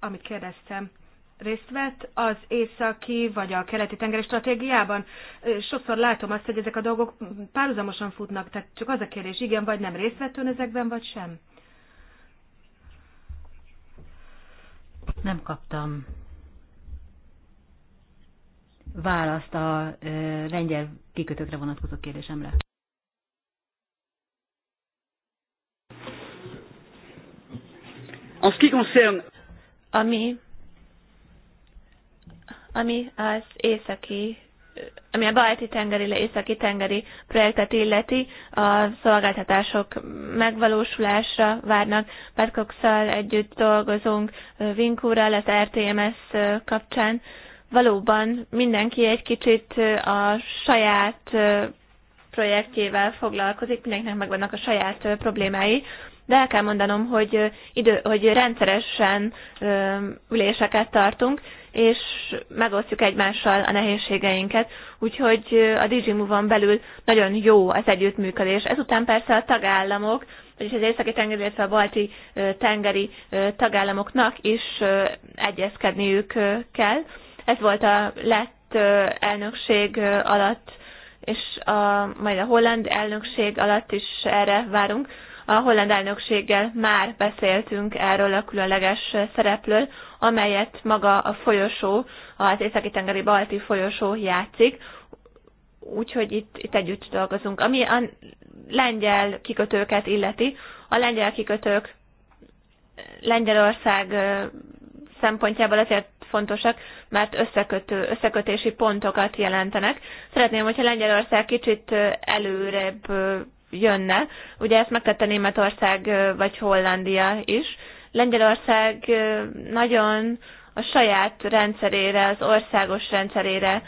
amit kérdeztem. Részt vett az északi vagy a keleti tengeri stratégiában. Sokszor látom azt, hogy ezek a dolgok párhuzamosan futnak, tehát csak az a kérdés, igen vagy nem részt vett ön ezekben, vagy sem. Nem kaptam választ a lengyel kikötőkre vonatkozó kérdésemre. Ami, ami az északi ami a balti tengeri, le északi tengeri projektet illeti, a szolgáltatások megvalósulásra várnak. Petcox-szal együtt dolgozunk Vinkúrral az RTMS kapcsán valóban mindenki egy kicsit a saját projektjével foglalkozik, mindenkinek megvannak a saját problémái, de el kell mondanom, hogy, idő, hogy rendszeresen üléseket tartunk, és megosztjuk egymással a nehézségeinket, úgyhogy a DigiMove-on belül nagyon jó az együttműködés. Ezután persze a tagállamok, vagyis az északi tengeri, illetve a balti tengeri tagállamoknak is egyezkedniük kell. Ez volt a lett elnökség alatt, és a, majd a holland elnökség alatt is erre várunk. A holland elnökséggel már beszéltünk erről a különleges szereplől, amelyet maga a folyosó, az északi-tengeri balti folyosó játszik, úgyhogy itt, itt együtt dolgozunk. Ami a lengyel kikötőket illeti, a lengyel kikötők Lengyelország szempontjából azért fontosak, mert összekötő, összekötési pontokat jelentenek. Szeretném, hogyha Lengyelország kicsit előrebb jönne. Ugye ezt megtette Németország vagy Hollandia is. Lengyelország nagyon a saját rendszerére, az országos rendszerére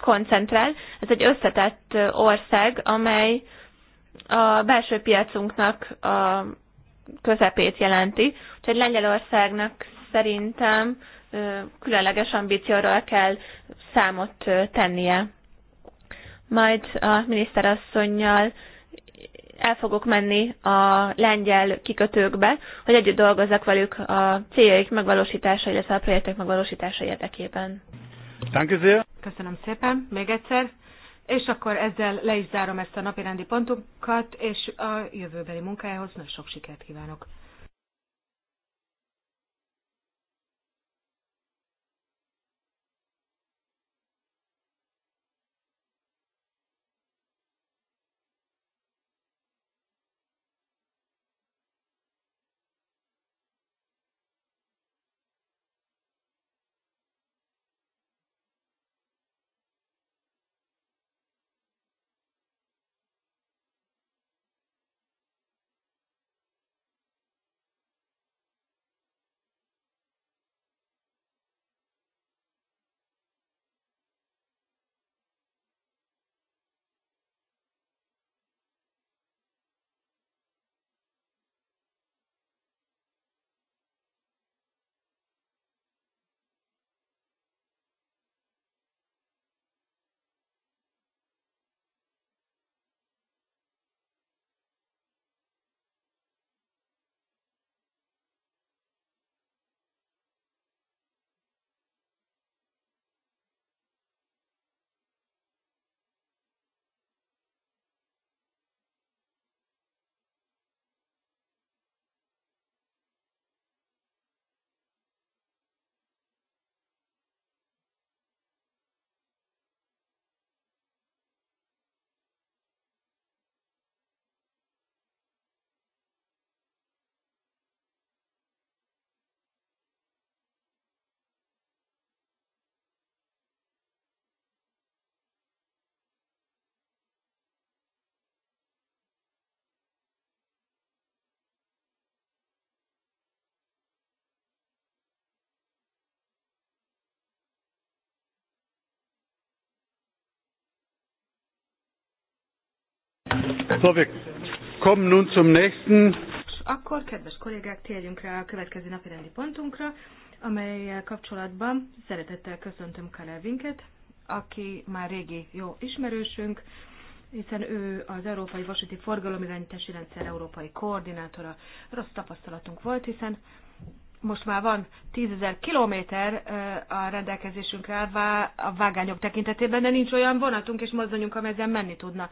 koncentrál. Ez egy összetett ország, amely a belső piacunknak a közepét jelenti. Úgyhogy Lengyelországnak szerintem különleges ambícióról kell számot tennie. Majd a miniszterasszonynal el fogok menni a lengyel kikötőkbe, hogy együtt dolgozzak velük a céljaik megvalósítása, illetve a projektek megvalósítása érdekében. Köszönöm szépen, még egyszer. És akkor ezzel le is zárom ezt a napirendi pontunkat, és a jövőbeli munkájához nagy sok sikert kívánok. So, wir kommen nun zum nächsten. Akkor, kedves kollégák, térjünk rá a következő napi rendi pontunkra, amelyel kapcsolatban szeretettel köszöntöm Kalevinket, aki már régi jó ismerősünk, hiszen ő az Európai Vasúti Forgalomirányítási Rendszer Európai Koordinátora. Rossz tapasztalatunk volt, hiszen most már van tízezer kilométer a rendelkezésünkre állva a vágányok tekintetében, de nincs olyan vonatunk és mozdonyunk, amelyen menni tudna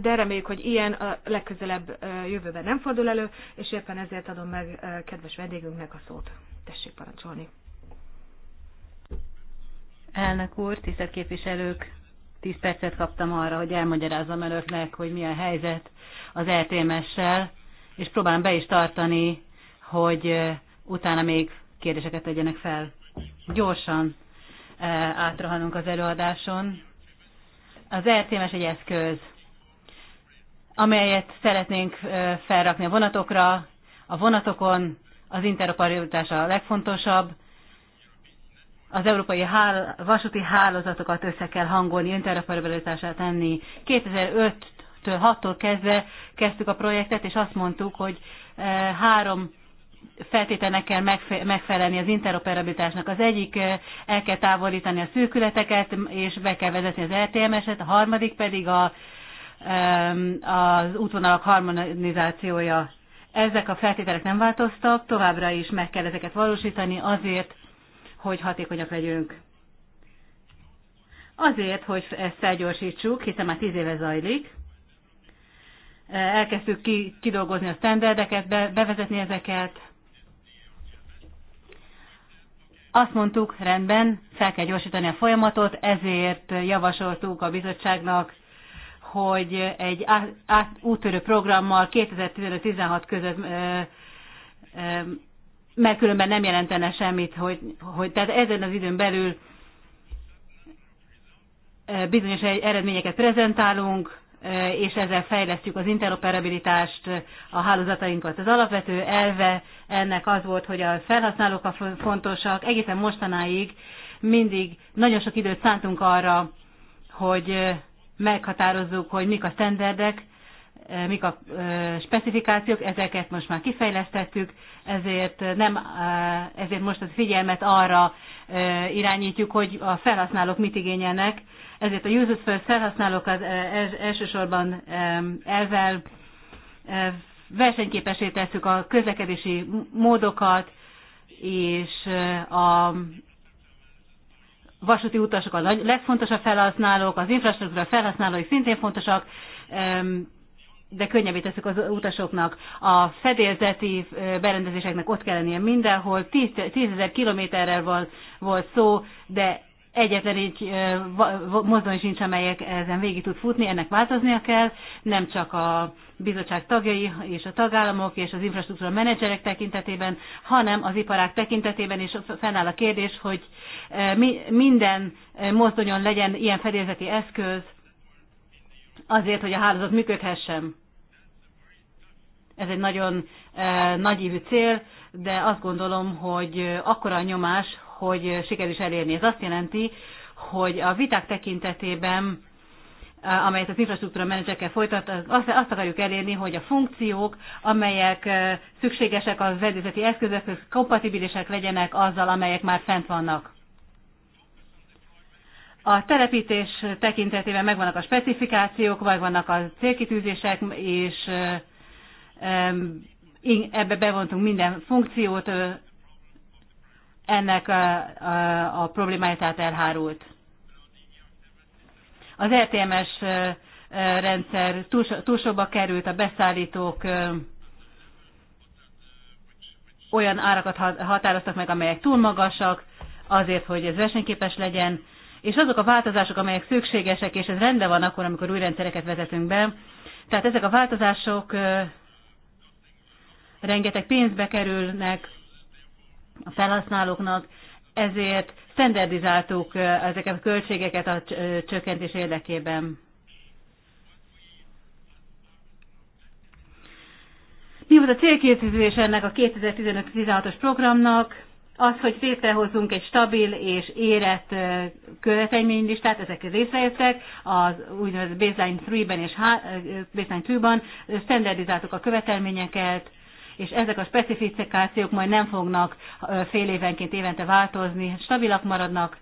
de reméljük, hogy ilyen a legközelebb jövőben nem fordul elő, és éppen ezért adom meg kedves vendégünknek a szót. Tessék parancsolni. Elnök úr, tisztelt képviselők, percet kaptam arra, hogy elmagyarázzam előttnek, hogy milyen helyzet az ETMS-sel, er és próbálom be is tartani, hogy utána még kérdéseket tegyenek fel. Gyorsan átrohanunk az előadáson. Az ETMS er egy eszköz, amelyet szeretnénk felrakni a vonatokra. A vonatokon az interoperabilitás a legfontosabb. Az európai hál, vasúti hálózatokat össze kell hangolni, interoperabilitásra tenni. 2005-től 6-tól kezdve kezdtük a projektet, és azt mondtuk, hogy három feltételnek kell megfelelni az interoperabilitásnak. Az egyik el kell távolítani a szűkületeket, és be kell vezetni az RTMS-et, a harmadik pedig a az útvonalak harmonizációja. Ezek a feltételek nem változtak, továbbra is meg kell ezeket valósítani azért, hogy hatékonyak legyünk. Azért, hogy ezt felgyorsítsuk, hiszen már tíz éve zajlik, elkezdtük ki, kidolgozni a standardeket, be, bevezetni ezeket. Azt mondtuk, rendben, fel kell gyorsítani a folyamatot, ezért javasoltuk a bizottságnak hogy egy át, úttörő programmal 2015-16 között mert különben nem jelentene semmit, hogy, hogy tehát ezen az időn belül bizonyos e- eredményeket prezentálunk, és ezzel fejlesztjük az interoperabilitást, a hálózatainkat. Az alapvető elve ennek az volt, hogy a felhasználók a fontosak. Egészen mostanáig mindig nagyon sok időt szántunk arra, hogy meghatározzuk, hogy mik a standardek, e, mik a e, specifikációk, ezeket most már kifejlesztettük, ezért, nem, e, ezért most a figyelmet arra irányítjuk, hogy a felhasználók mit igényelnek, ezért a users first felhasználók az elsősorban ezzel versenyképesé tesszük a közlekedési módokat, és a vasúti utasok a legfontosabb felhasználók, az infrastruktúra felhasználói szintén fontosak, de könnyebbé teszük az utasoknak. A fedélzeti berendezéseknek ott kell lennie mindenhol, tízezer kilométerrel volt szó, de egyetlen egy mozdony sincs, amelyek ezen végig tud futni, ennek változnia kell, nem csak a bizottság tagjai és a tagállamok és az infrastruktúra menedzserek tekintetében, hanem az iparák tekintetében is fennáll a kérdés, hogy minden mozdonyon legyen ilyen fedélzeti eszköz azért, hogy a hálózat működhessen. Ez egy nagyon nagyívű cél, de azt gondolom, hogy akkora a nyomás, hogy sikerül is elérni. Ez azt jelenti, hogy a viták tekintetében eh, amelyet az infrastruktúra menedzsekkel folytat, azt, azt akarjuk elérni, hogy a funkciók, amelyek eh, szükségesek az vezetési eszközökhöz, kompatibilisek legyenek azzal, amelyek már fent vannak. A telepítés tekintetében megvannak a specifikációk, megvannak a célkitűzések, és eh, ebbe bevontunk minden funkciót, ennek a, a, a problémáját elhárult. Az RTMS er rendszer túl, túl sokba került, a beszállítók olyan árakat határoztak meg, amelyek túl magasak, azért, hogy ez versenyképes legyen, és azok a változások, amelyek szükségesek, és ez rendben van akkor, amikor új rendszereket vezetünk be, tehát ezek a változások rengeteg pénzbe kerülnek, a felhasználóknak, ezért standardizáltuk ezeket a költségeket a csökkentés érdekében. Mi volt a célkészítés ennek a 2015-16-os programnak? Az, hogy létrehozunk egy stabil és érett követelménylistát, ezek részrejöttek, az úgynevezett baseline 3-ben és baseline 2-ban standardizáltuk a követelményeket, és ezek a specifikációk majd nem fognak fél évenként évente változni, stabilak maradnak,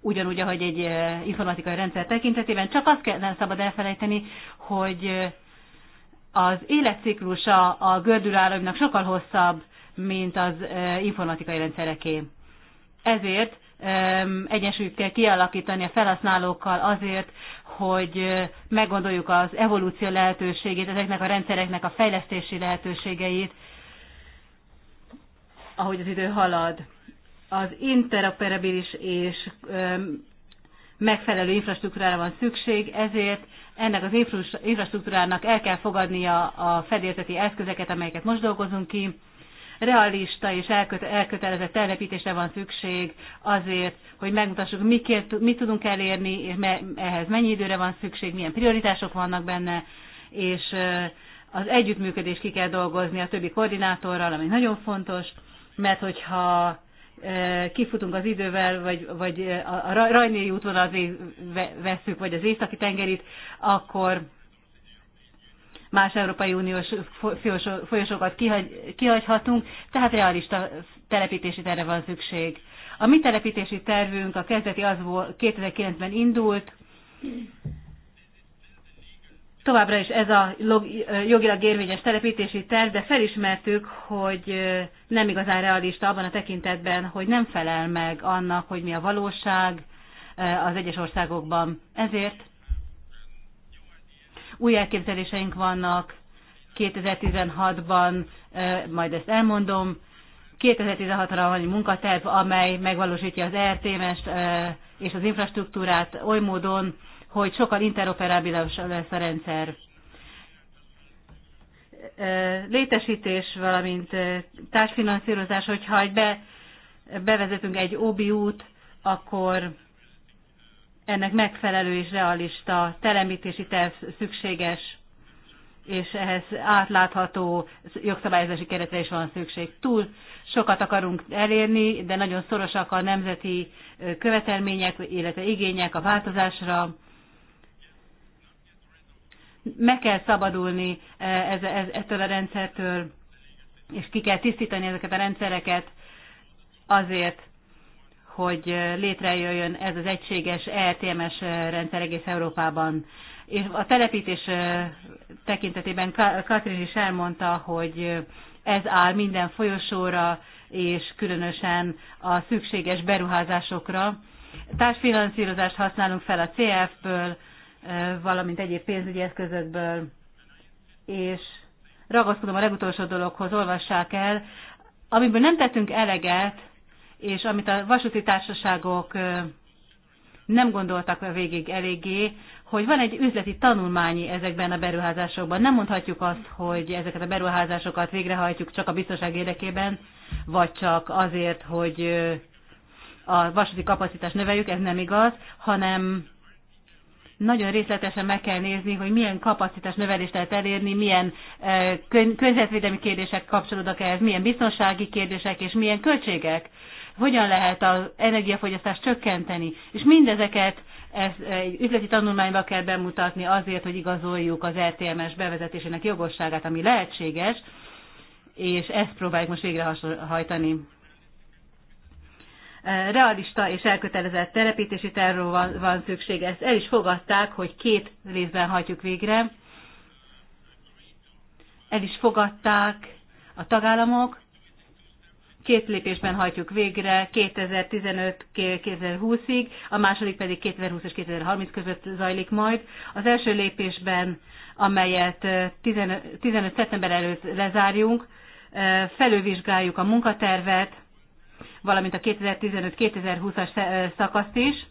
ugyanúgy, ahogy egy informatikai rendszer tekintetében, csak azt kell, nem szabad elfelejteni, hogy az életciklusa a gördülállóimnak sokkal hosszabb, mint az informatikai rendszereké. Ezért egyensúlyt kell kialakítani a felhasználókkal azért, hogy meggondoljuk az evolúció lehetőségét, ezeknek a rendszereknek a fejlesztési lehetőségeit, ahogy az idő halad. Az interoperabilis és megfelelő infrastruktúrára van szükség, ezért ennek az infrastruktúrának el kell fogadnia a fedélzeti eszközeket, amelyeket most dolgozunk ki, realista és elkötelezett telepítésre van szükség azért, hogy megmutassuk, mikért, mit tudunk elérni, és ehhez mennyi időre van szükség, milyen prioritások vannak benne, és az együttműködést ki kell dolgozni a többi koordinátorral, ami nagyon fontos, mert hogyha kifutunk az idővel, vagy, vagy a Rajnéri útvonalazé veszük, vagy az északi tengerit, akkor más Európai Uniós folyosókat kihagy, kihagyhatunk, tehát realista telepítési terve van szükség. A mi telepítési tervünk a kezdeti az volt, 2009-ben indult, továbbra is ez a jogilag érvényes telepítési terv, de felismertük, hogy nem igazán realista abban a tekintetben, hogy nem felel meg annak, hogy mi a valóság az egyes országokban. Ezért új elképzeléseink vannak 2016-ban, majd ezt elmondom. 2016-ra van egy munkaterv, amely megvalósítja az rt t és az infrastruktúrát oly módon, hogy sokkal interoperábilabb lesz a rendszer létesítés, valamint társfinanszírozás, hogyha egy be, bevezetünk egy OBU-t, akkor ennek megfelelő és realista telemítési terv szükséges, és ehhez átlátható jogszabályozási keretre is van szükség. Túl sokat akarunk elérni, de nagyon szorosak a nemzeti követelmények, illetve igények a változásra. Meg kell szabadulni ez, ez, ettől a rendszertől, és ki kell tisztítani ezeket a rendszereket azért, hogy létrejöjjön ez az egységes ETMS rendszer egész Európában. És a telepítés tekintetében Katrin is elmondta, hogy ez áll minden folyosóra, és különösen a szükséges beruházásokra. Társfinanszírozást használunk fel a CF-ből, valamint egyéb pénzügyi eszközökből, és ragaszkodom a legutolsó dologhoz, olvassák el, amiből nem tettünk eleget, és amit a vasúti társaságok nem gondoltak végig eléggé, hogy van egy üzleti tanulmányi ezekben a beruházásokban. Nem mondhatjuk azt, hogy ezeket a beruházásokat végrehajtjuk csak a biztonság érdekében, vagy csak azért, hogy a vasúti kapacitást növeljük, ez nem igaz, hanem nagyon részletesen meg kell nézni, hogy milyen kapacitás növelést lehet elérni, milyen környezetvédelmi kérdések kapcsolódnak ehhez, milyen biztonsági kérdések és milyen költségek hogyan lehet az energiafogyasztást csökkenteni, és mindezeket ezt e, egy üzleti tanulmányba kell bemutatni azért, hogy igazoljuk az RTMS bevezetésének jogosságát, ami lehetséges, és ezt próbáljuk most végrehajtani. E, realista és elkötelezett telepítési tervről van, van szükség. Ezt el is fogadták, hogy két részben hajtjuk végre. El is fogadták a tagállamok, két lépésben hajtjuk végre 2015-2020-ig, a második pedig 2020 és 2030 között zajlik majd. Az első lépésben, amelyet 15, 15 szeptember előtt lezárjunk, felülvizsgáljuk a munkatervet, valamint a 2015-2020-as szakaszt is,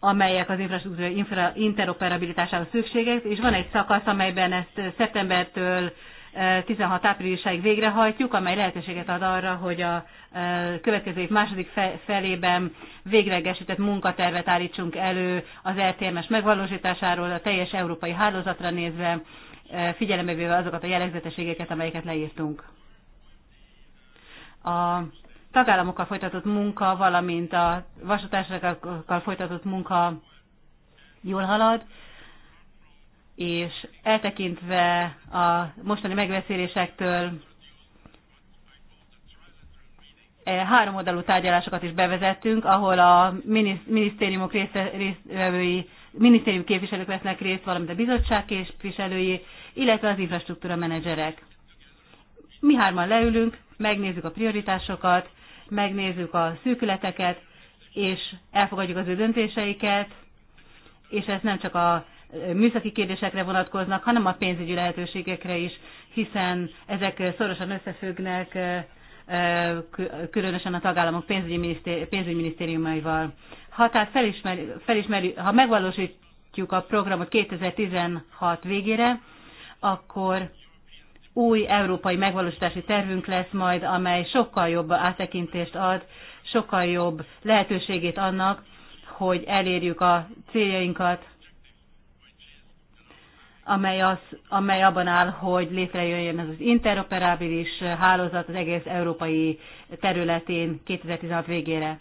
amelyek az infrastruktúra infra, interoperabilitásához szükséges, és van egy szakasz, amelyben ezt szeptembertől 16 áprilisáig végrehajtjuk, amely lehetőséget ad arra, hogy a következő év második felében véglegesített munkatervet állítsunk elő az LTMS er megvalósításáról, a teljes európai hálózatra nézve, figyelembe véve azokat a jellegzetességeket, amelyeket leírtunk. A tagállamokkal folytatott munka, valamint a vasutásokkal folytatott munka jól halad és eltekintve a mostani megbeszélésektől e, három oldalú tárgyalásokat is bevezettünk, ahol a minisztériumok résztvevői, minisztérium képviselők vesznek részt, valamint a bizottság képviselői, illetve az infrastruktúra menedzserek. Mi hárman leülünk, megnézzük a prioritásokat, megnézzük a szűkületeket, és elfogadjuk az ő döntéseiket, és ezt nem csak a műszaki kérdésekre vonatkoznak, hanem a pénzügyi lehetőségekre is, hiszen ezek szorosan összefüggnek különösen a tagállamok pénzügyi pénzügyminisztériumaival. Ha, tehát felismeri, felismeri, ha megvalósítjuk a programot 2016 végére, akkor új európai megvalósítási tervünk lesz majd, amely sokkal jobb áttekintést ad, sokkal jobb lehetőségét annak, hogy elérjük a céljainkat, amely, az, amely abban áll, hogy létrejöjjön ez az interoperábilis hálózat az egész európai területén 2016 végére.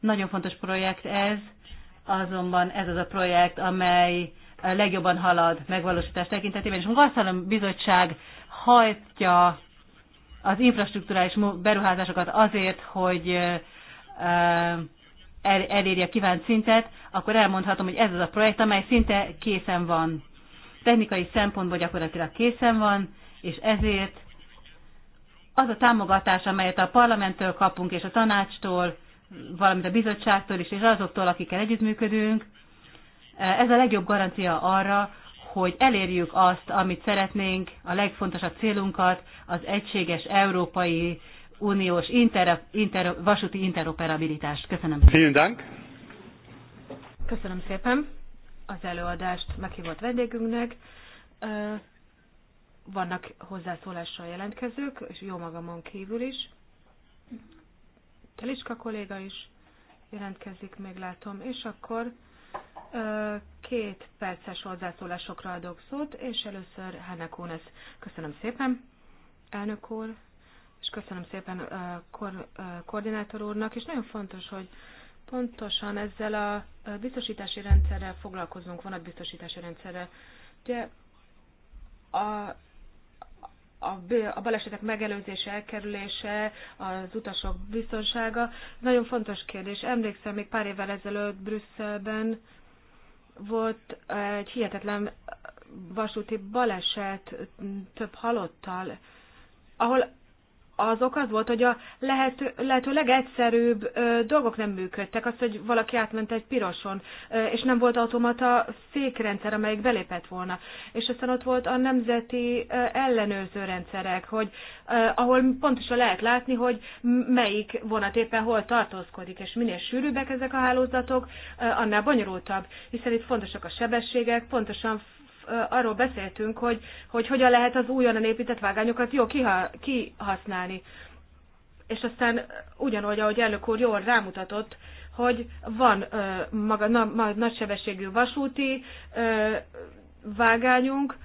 Nagyon fontos projekt ez, azonban ez az a projekt, amely legjobban halad megvalósítás tekintetében, és a Vasszalom Bizottság hajtja az infrastruktúrális beruházásokat azért, hogy el, eléri a kívánt szintet, akkor elmondhatom, hogy ez az a projekt, amely szinte készen van. Technikai szempontból gyakorlatilag készen van, és ezért az a támogatás, amelyet a parlamenttől kapunk, és a tanácstól, valamint a bizottságtól is, és azoktól, akikkel együttműködünk, ez a legjobb garancia arra, hogy elérjük azt, amit szeretnénk, a legfontosabb célunkat, az egységes európai uniós inter, inter, vasúti interoperabilitást. Köszönöm. Vielen Dank. Köszönöm szépen az előadást meghívott vendégünknek. Vannak hozzászólással jelentkezők, és jó magamon kívül is. Teliska kolléga is jelentkezik, még látom, és akkor két perces hozzászólásokra adok szót, és először Hanna Kónesz. Köszönöm szépen, elnök úr, és köszönöm szépen a kor, a koordinátor úrnak, és nagyon fontos, hogy pontosan ezzel a biztosítási rendszerrel foglalkozunk, vonatbiztosítási rendszerrel. Ugye a a, a balesetek megelőzése, elkerülése, az utasok biztonsága. Nagyon fontos kérdés. Emlékszem, még pár évvel ezelőtt Brüsszelben volt egy hihetetlen vasúti baleset több halottal, ahol az ok az volt, hogy a lehető, lehető legegyszerűbb ö, dolgok nem működtek. Az, hogy valaki átment egy piroson, ö, és nem volt automata székrendszer, amelyik belépett volna. És aztán ott volt a nemzeti ö, ellenőrző rendszerek, hogy, ö, ahol pontosan lehet látni, hogy melyik vonat éppen hol tartózkodik, és minél sűrűbbek ezek a hálózatok, ö, annál bonyolultabb, hiszen itt fontosak a sebességek, pontosan arról beszéltünk, hogy, hogy hogyan lehet az újonnan épített vágányokat jó kihasználni. És aztán ugyanúgy, ahogy elnök úr jól rámutatott, hogy van ö, maga, na, ma, sebességű vasúti ö, vágányunk,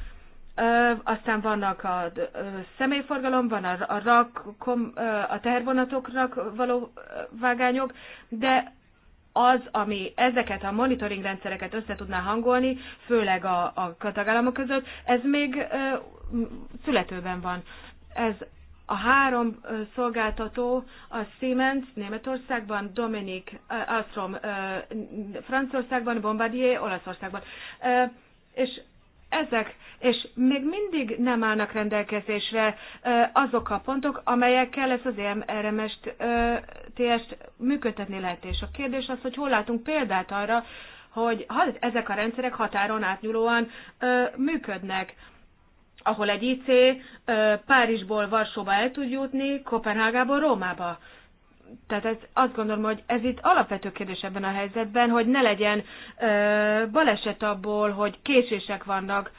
ö, aztán vannak a ö, személyforgalom, van a, a, rakom, ö, a tehervonatoknak való ö, vágányok, de az, ami ezeket a monitoring rendszereket össze tudná hangolni, főleg a, a katagállamok között, ez még ö, születőben van. Ez a három szolgáltató, a Siemens Németországban, Dominik Alstrom Franciaországban, Bombardier Olaszországban. És ezek, és még mindig nem állnak rendelkezésre azok a pontok, amelyekkel ezt az rms e t TS-t működtetni lehet. És a kérdés az, hogy hol látunk példát arra, hogy ezek a rendszerek határon átnyúlóan működnek ahol egy IC Párizsból Varsóba el tud jutni, Kopenhágából Rómába tehát ez, azt gondolom, hogy ez itt alapvető kérdés ebben a helyzetben, hogy ne legyen ö, baleset abból, hogy késések vannak.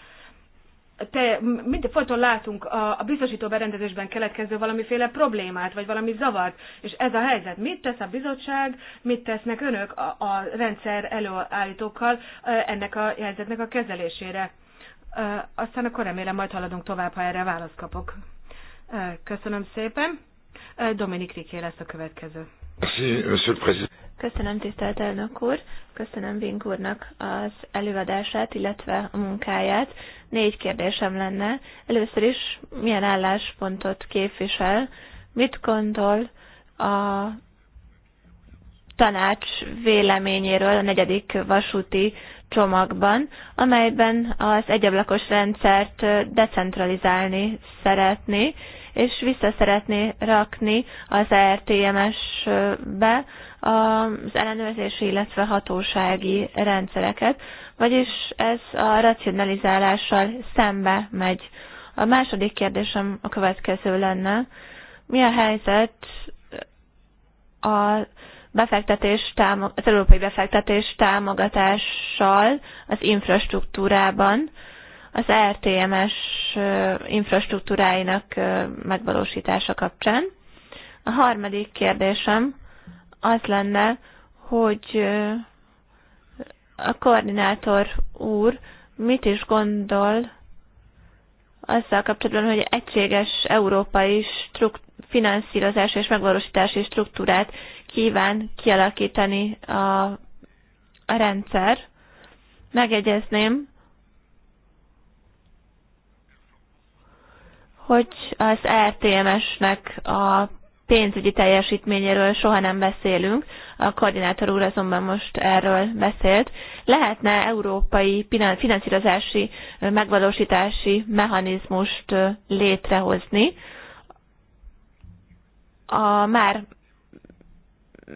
Te, mind, folyton látunk a, a biztosító berendezésben keletkező valamiféle problémát, vagy valami zavart, és ez a helyzet. Mit tesz a bizottság, mit tesznek önök a, a rendszer előállítókkal ennek a helyzetnek a kezelésére? Ö, aztán akkor remélem majd haladunk tovább, ha erre választ kapok. Ö, köszönöm szépen. Dominik Riké lesz a következő. Köszönöm, tisztelt elnök úr! Köszönöm Vink úrnak az előadását, illetve a munkáját. Négy kérdésem lenne. Először is, milyen álláspontot képvisel? Mit gondol a tanács véleményéről a negyedik vasúti csomagban, amelyben az egyablakos rendszert decentralizálni szeretné, és vissza szeretné rakni az rtms be az ellenőrzési, illetve hatósági rendszereket, vagyis ez a racionalizálással szembe megy. A második kérdésem a következő lenne. Mi a helyzet a befektetés támog- az európai befektetés támogatással az infrastruktúrában? az RTMS infrastruktúráinak megvalósítása kapcsán. A harmadik kérdésem az lenne, hogy a koordinátor úr mit is gondol azzal kapcsolatban, hogy egységes európai struk- finanszírozási és megvalósítási struktúrát kíván kialakítani a, a rendszer. Megegyezném, hogy az rtms nek a pénzügyi teljesítményéről soha nem beszélünk, a koordinátor úr azonban most erről beszélt. Lehetne európai finanszírozási megvalósítási mechanizmust létrehozni a már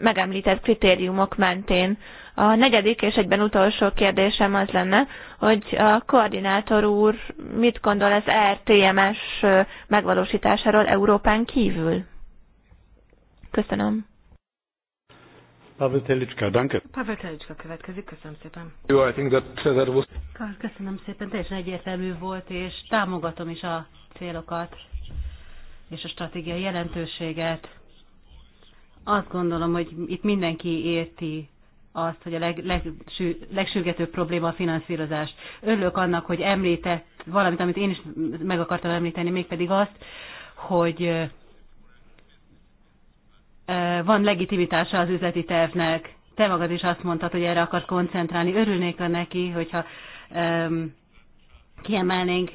megemlített kritériumok mentén a negyedik és egyben utolsó kérdésem az lenne, hogy a koordinátor úr mit gondol az RTMS megvalósításáról Európán kívül? Köszönöm. Pavel Telicska, danke. Pavel Telicska következik, köszönöm szépen. Jó, I think that, was... Köszönöm szépen, teljesen egyértelmű volt, és támogatom is a célokat és a stratégiai jelentőséget. Azt gondolom, hogy itt mindenki érti azt, hogy a leg, leg, sű, legsürgetőbb probléma a finanszírozás. Örülök annak, hogy említett valamit, amit én is meg akartam említeni, mégpedig azt, hogy van legitimitása az üzleti tervnek. Te magad is azt mondtad, hogy erre akar koncentrálni. Örülnék a neki, hogyha um, kiemelnénk,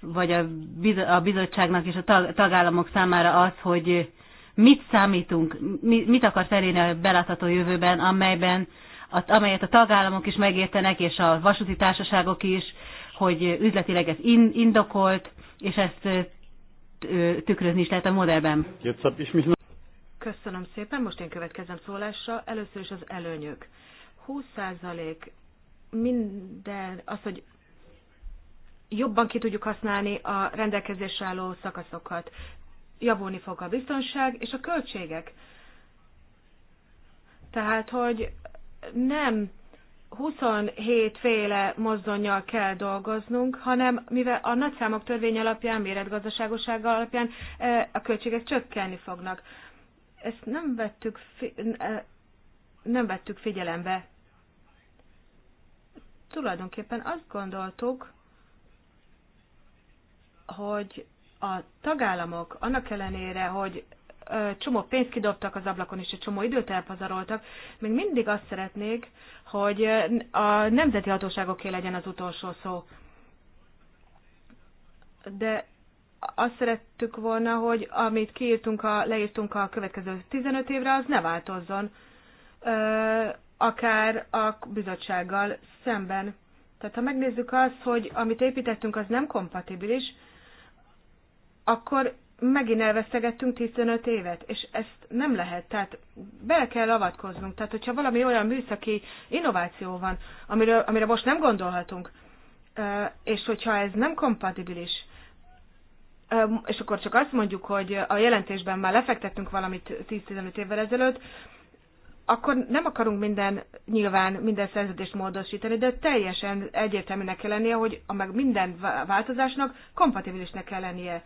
vagy a, bizottságnak és a tag, tagállamok számára az, hogy mit számítunk, mit akar elérni a belátható jövőben, amelyben, amelyet a tagállamok is megértenek, és a vasúti társaságok is, hogy üzletileg ez indokolt, és ezt tükrözni is lehet a modellben. Köszönöm szépen, most én következem szólásra. Először is az előnyök. 20% minden, az, hogy jobban ki tudjuk használni a rendelkezésre álló szakaszokat javulni fog a biztonság és a költségek. Tehát, hogy nem 27 féle mozdonyjal kell dolgoznunk, hanem mivel a nagyszámok törvény alapján, méretgazdaságoság alapján e, a költségek csökkenni fognak. Ezt nem vettük, e, nem vettük figyelembe. Tulajdonképpen azt gondoltuk, hogy a tagállamok annak ellenére, hogy csomó pénzt kidobtak az ablakon, és egy csomó időt elpazaroltak, még mindig azt szeretnék, hogy a nemzeti hatóságoké legyen az utolsó szó. De azt szerettük volna, hogy amit kiírtunk, a, leírtunk a következő 15 évre, az ne változzon, akár a bizottsággal szemben. Tehát ha megnézzük azt, hogy amit építettünk, az nem kompatibilis, akkor megint elvesztegettünk 15 évet, és ezt nem lehet, tehát bele kell avatkoznunk. Tehát, hogyha valami olyan műszaki innováció van, amiről, amire most nem gondolhatunk, és hogyha ez nem kompatibilis, és akkor csak azt mondjuk, hogy a jelentésben már lefektettünk valamit 10-15 évvel ezelőtt, akkor nem akarunk minden, nyilván minden szerződést módosítani, de teljesen egyértelműnek kell lennie, hogy a meg minden változásnak kompatibilisnek kell lennie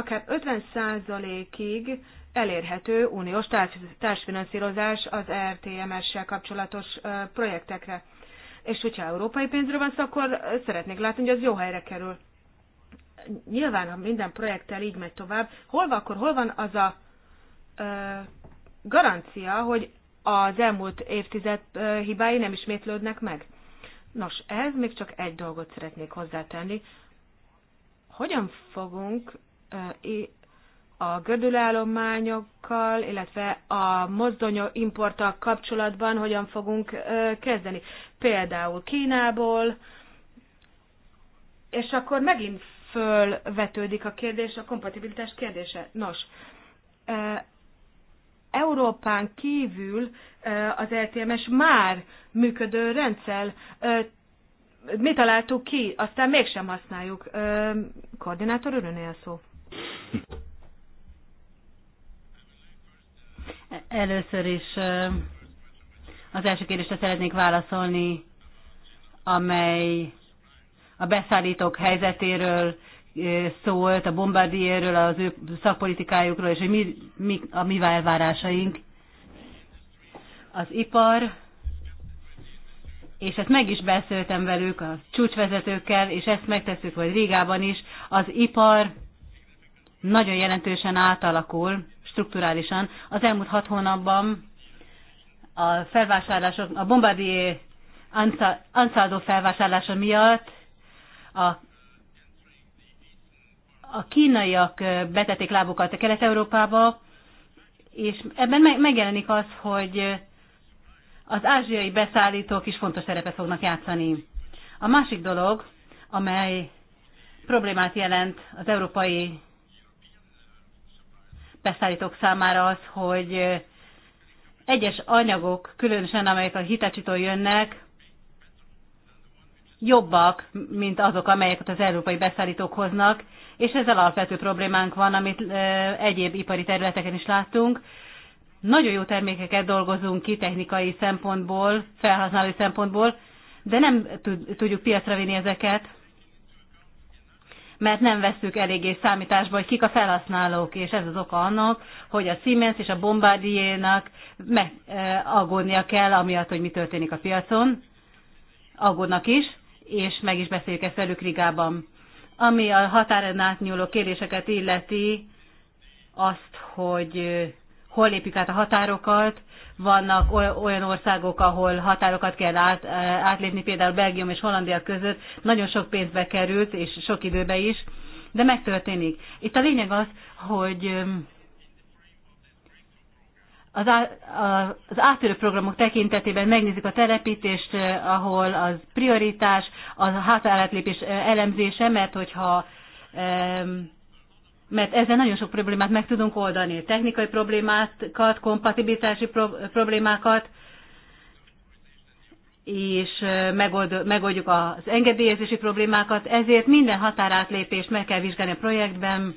akár 50%-ig elérhető uniós társfinanszírozás az RTMS-sel kapcsolatos projektekre. És hogyha európai pénzről van szó, akkor szeretnék látni, hogy az jó helyre kerül. Nyilván, ha minden projekttel így megy tovább, hol van, akkor hol van az a ö, garancia, hogy az elmúlt évtized ö, hibái nem ismétlődnek meg? Nos, ehhez még csak egy dolgot szeretnék hozzátenni. Hogyan fogunk a gödülállományokkal, illetve a mozdonyok importtal kapcsolatban hogyan fogunk kezdeni. Például Kínából, és akkor megint fölvetődik a kérdés, a kompatibilitás kérdése. Nos, Európán kívül az LTMS már működő rendszer mi találtuk ki, aztán mégsem használjuk. Koordinátor, örülnél szó? Először is az első kérdésre szeretnék válaszolni, amely a beszállítók helyzetéről szólt, a bombardierről, az ő szakpolitikájukról, és hogy mi, mi a mi elvárásaink. Az ipar, és ezt meg is beszéltem velük, a csúcsvezetőkkel, és ezt megtesszük, vagy Rigában is, az ipar nagyon jelentősen átalakul strukturálisan. Az elmúlt hat hónapban a felvásárlások, a Bombardier Ansaldo felvásárlása miatt a, a kínaiak betették lábukat a Kelet-Európába, és ebben megjelenik az, hogy az ázsiai beszállítók is fontos szerepet fognak játszani. A másik dolog, amely problémát jelent az európai beszállítók számára az, hogy egyes anyagok, különösen amelyek a hitacsitól jönnek, jobbak, mint azok, amelyeket az európai beszállítók hoznak, és ezzel alapvető problémánk van, amit egyéb ipari területeken is láttunk. Nagyon jó termékeket dolgozunk ki technikai szempontból, felhasználói szempontból, de nem tudjuk piacra vinni ezeket, mert nem veszük eléggé számításba, hogy kik a felhasználók, és ez az oka annak, hogy a Siemens és a Bombardiernak meg, eh, aggódnia kell, amiatt, hogy mi történik a piacon, aggódnak is, és meg is beszéljük ezt velük Rigában. Ami a határen átnyúló kérdéseket illeti, azt, hogy eh, hol lépjük át a határokat, vannak olyan országok, ahol határokat kell át, átlépni, például Belgium és Hollandia között, nagyon sok pénzbe került, és sok időbe is, de megtörténik. Itt a lényeg az, hogy az, á, az áttörő programok tekintetében megnézzük a telepítést, ahol az prioritás, az hátraátlépés elemzése, mert hogyha um, mert ezzel nagyon sok problémát meg tudunk oldani. Technikai problémákat, kompatibilitási problémákat, és megold, megoldjuk az engedélyezési problémákat, ezért minden határátlépést meg kell vizsgálni a projektben,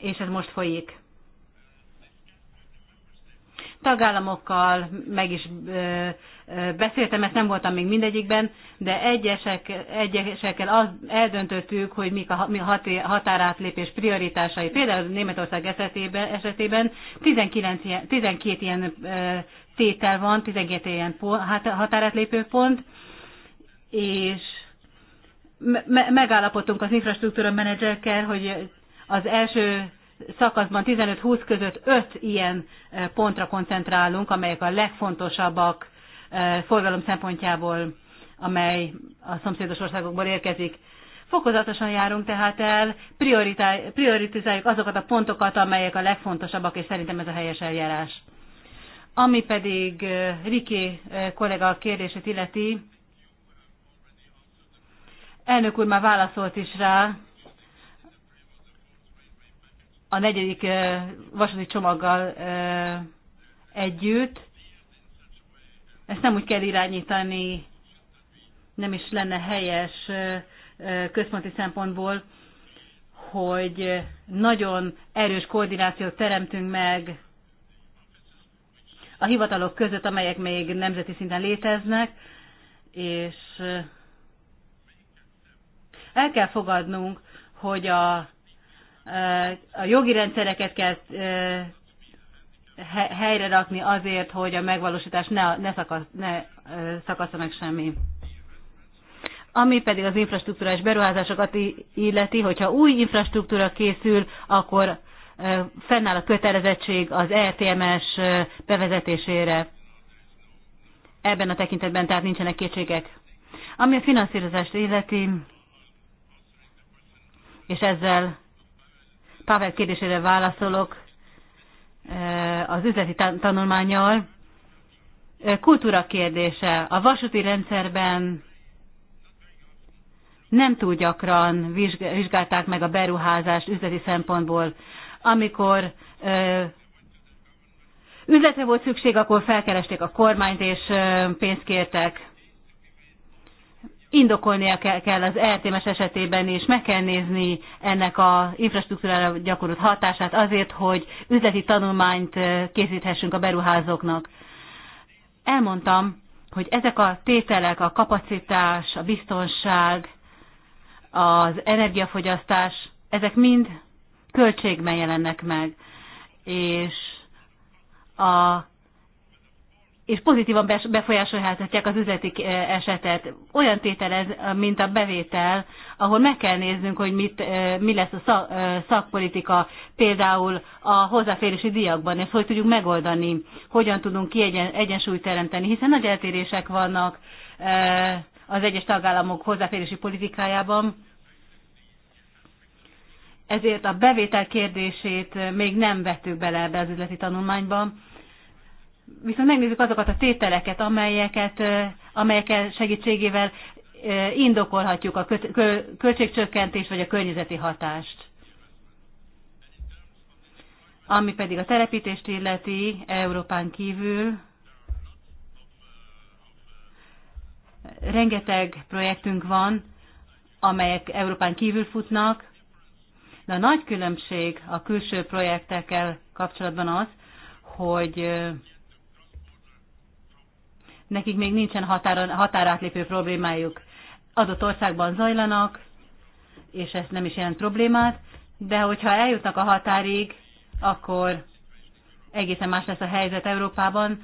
és ez most folyik tagállamokkal meg is beszéltem, ezt nem voltam még mindegyikben, de egyesek, egyesekkel az, eldöntöttük, hogy mik a határátlépés prioritásai. Például Németország esetében, esetében 19, 12 ilyen tétel van, 12 ilyen hát, határátlépő pont, és megállapodtunk az infrastruktúra menedzserkel, hogy az első szakaszban 15-20 között 5 ilyen e, pontra koncentrálunk, amelyek a legfontosabbak e, forgalom szempontjából, amely a szomszédos országokból érkezik. Fokozatosan járunk tehát el, prioritizáljuk azokat a pontokat, amelyek a legfontosabbak, és szerintem ez a helyes eljárás. Ami pedig e, Riki kollega kérdését illeti, elnök úr már válaszolt is rá, a negyedik vasúti csomaggal együtt. Ezt nem úgy kell irányítani, nem is lenne helyes központi szempontból, hogy nagyon erős koordinációt teremtünk meg a hivatalok között, amelyek még nemzeti szinten léteznek, és el kell fogadnunk, hogy a a jogi rendszereket kell eh, helyre rakni azért, hogy a megvalósítás ne, ne, szakasz, ne eh, szakasza meg semmi. Ami pedig az infrastruktúrás beruházásokat illeti, hogyha új infrastruktúra készül, akkor eh, fennáll a kötelezettség az ERTMS bevezetésére. Ebben a tekintetben tehát nincsenek kétségek. Ami a finanszírozást illeti, és ezzel Pavel kérdésére válaszolok az üzleti tanulmányal. Kultúra kérdése. A vasúti rendszerben nem túl gyakran vizsgálták meg a beruházást üzleti szempontból. Amikor üzletre volt szükség, akkor felkeresték a kormányt és pénzt kértek indokolnia kell, kell az RTMS er esetében is, meg kell nézni ennek a infrastruktúrára gyakorolt hatását azért, hogy üzleti tanulmányt készíthessünk a beruházóknak. Elmondtam, hogy ezek a tételek, a kapacitás, a biztonság, az energiafogyasztás, ezek mind költségben jelennek meg, és a és pozitívan befolyásolhatják az üzleti eh, esetet. Olyan tételez, mint a bevétel, ahol meg kell néznünk, hogy mit, eh, mi lesz a szak, eh, szakpolitika, például a hozzáférési díjakban, ezt hogy tudjuk megoldani, hogyan tudunk kiegyen, egyensúlyt teremteni, hiszen nagy eltérések vannak az egyes tagállamok hozzáférési politikájában. Ezért a bevétel kérdését még nem vettük bele ebbe az üzleti tanulmányba viszont megnézzük azokat a tételeket, amelyeket, amelyeket segítségével indokolhatjuk a költségcsökkentést vagy a környezeti hatást. Ami pedig a telepítést illeti Európán kívül, rengeteg projektünk van, amelyek Európán kívül futnak, de a nagy különbség a külső projektekkel kapcsolatban az, hogy nekik még nincsen határa, határátlépő problémájuk. Adott országban zajlanak, és ez nem is jelent problémát, de hogyha eljutnak a határig, akkor egészen más lesz a helyzet Európában,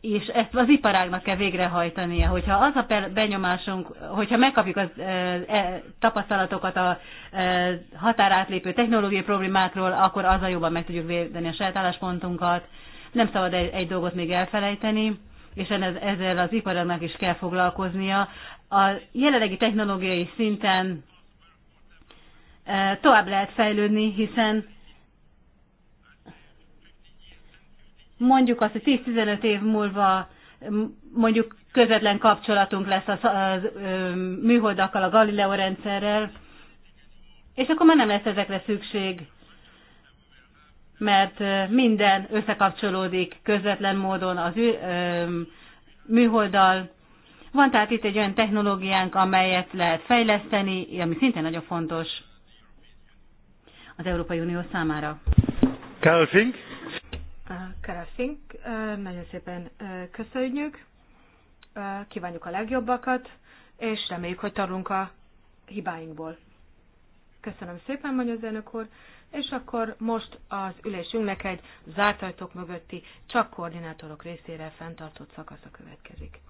és ezt az iparágnak kell végrehajtania. Hogyha az a benyomásunk, hogyha megkapjuk az e, tapasztalatokat a e, határátlépő technológiai problémákról, akkor a jobban meg tudjuk védeni a saját álláspontunkat, nem szabad egy, egy dolgot még elfelejteni, és ezzel az iparnak is kell foglalkoznia. A jelenlegi technológiai szinten e, tovább lehet fejlődni, hiszen mondjuk azt, hogy 10-15 év múlva mondjuk közvetlen kapcsolatunk lesz a, a, műholdakkal, a Galileo rendszerrel, és akkor már nem lesz ezekre szükség mert minden összekapcsolódik közvetlen módon az műholddal. Van tehát itt egy olyan technológiánk, amelyet lehet fejleszteni, ami szintén nagyon fontos az Európai Unió számára. Karol Fink. Fink, nagyon szépen köszönjük. Kívánjuk a legjobbakat, és reméljük, hogy tanulunk a hibáinkból. Köszönöm szépen, Magyar Zenök úr és akkor most az ülésünknek egy zárt ajtók mögötti, csak koordinátorok részére fenntartott szakasza következik.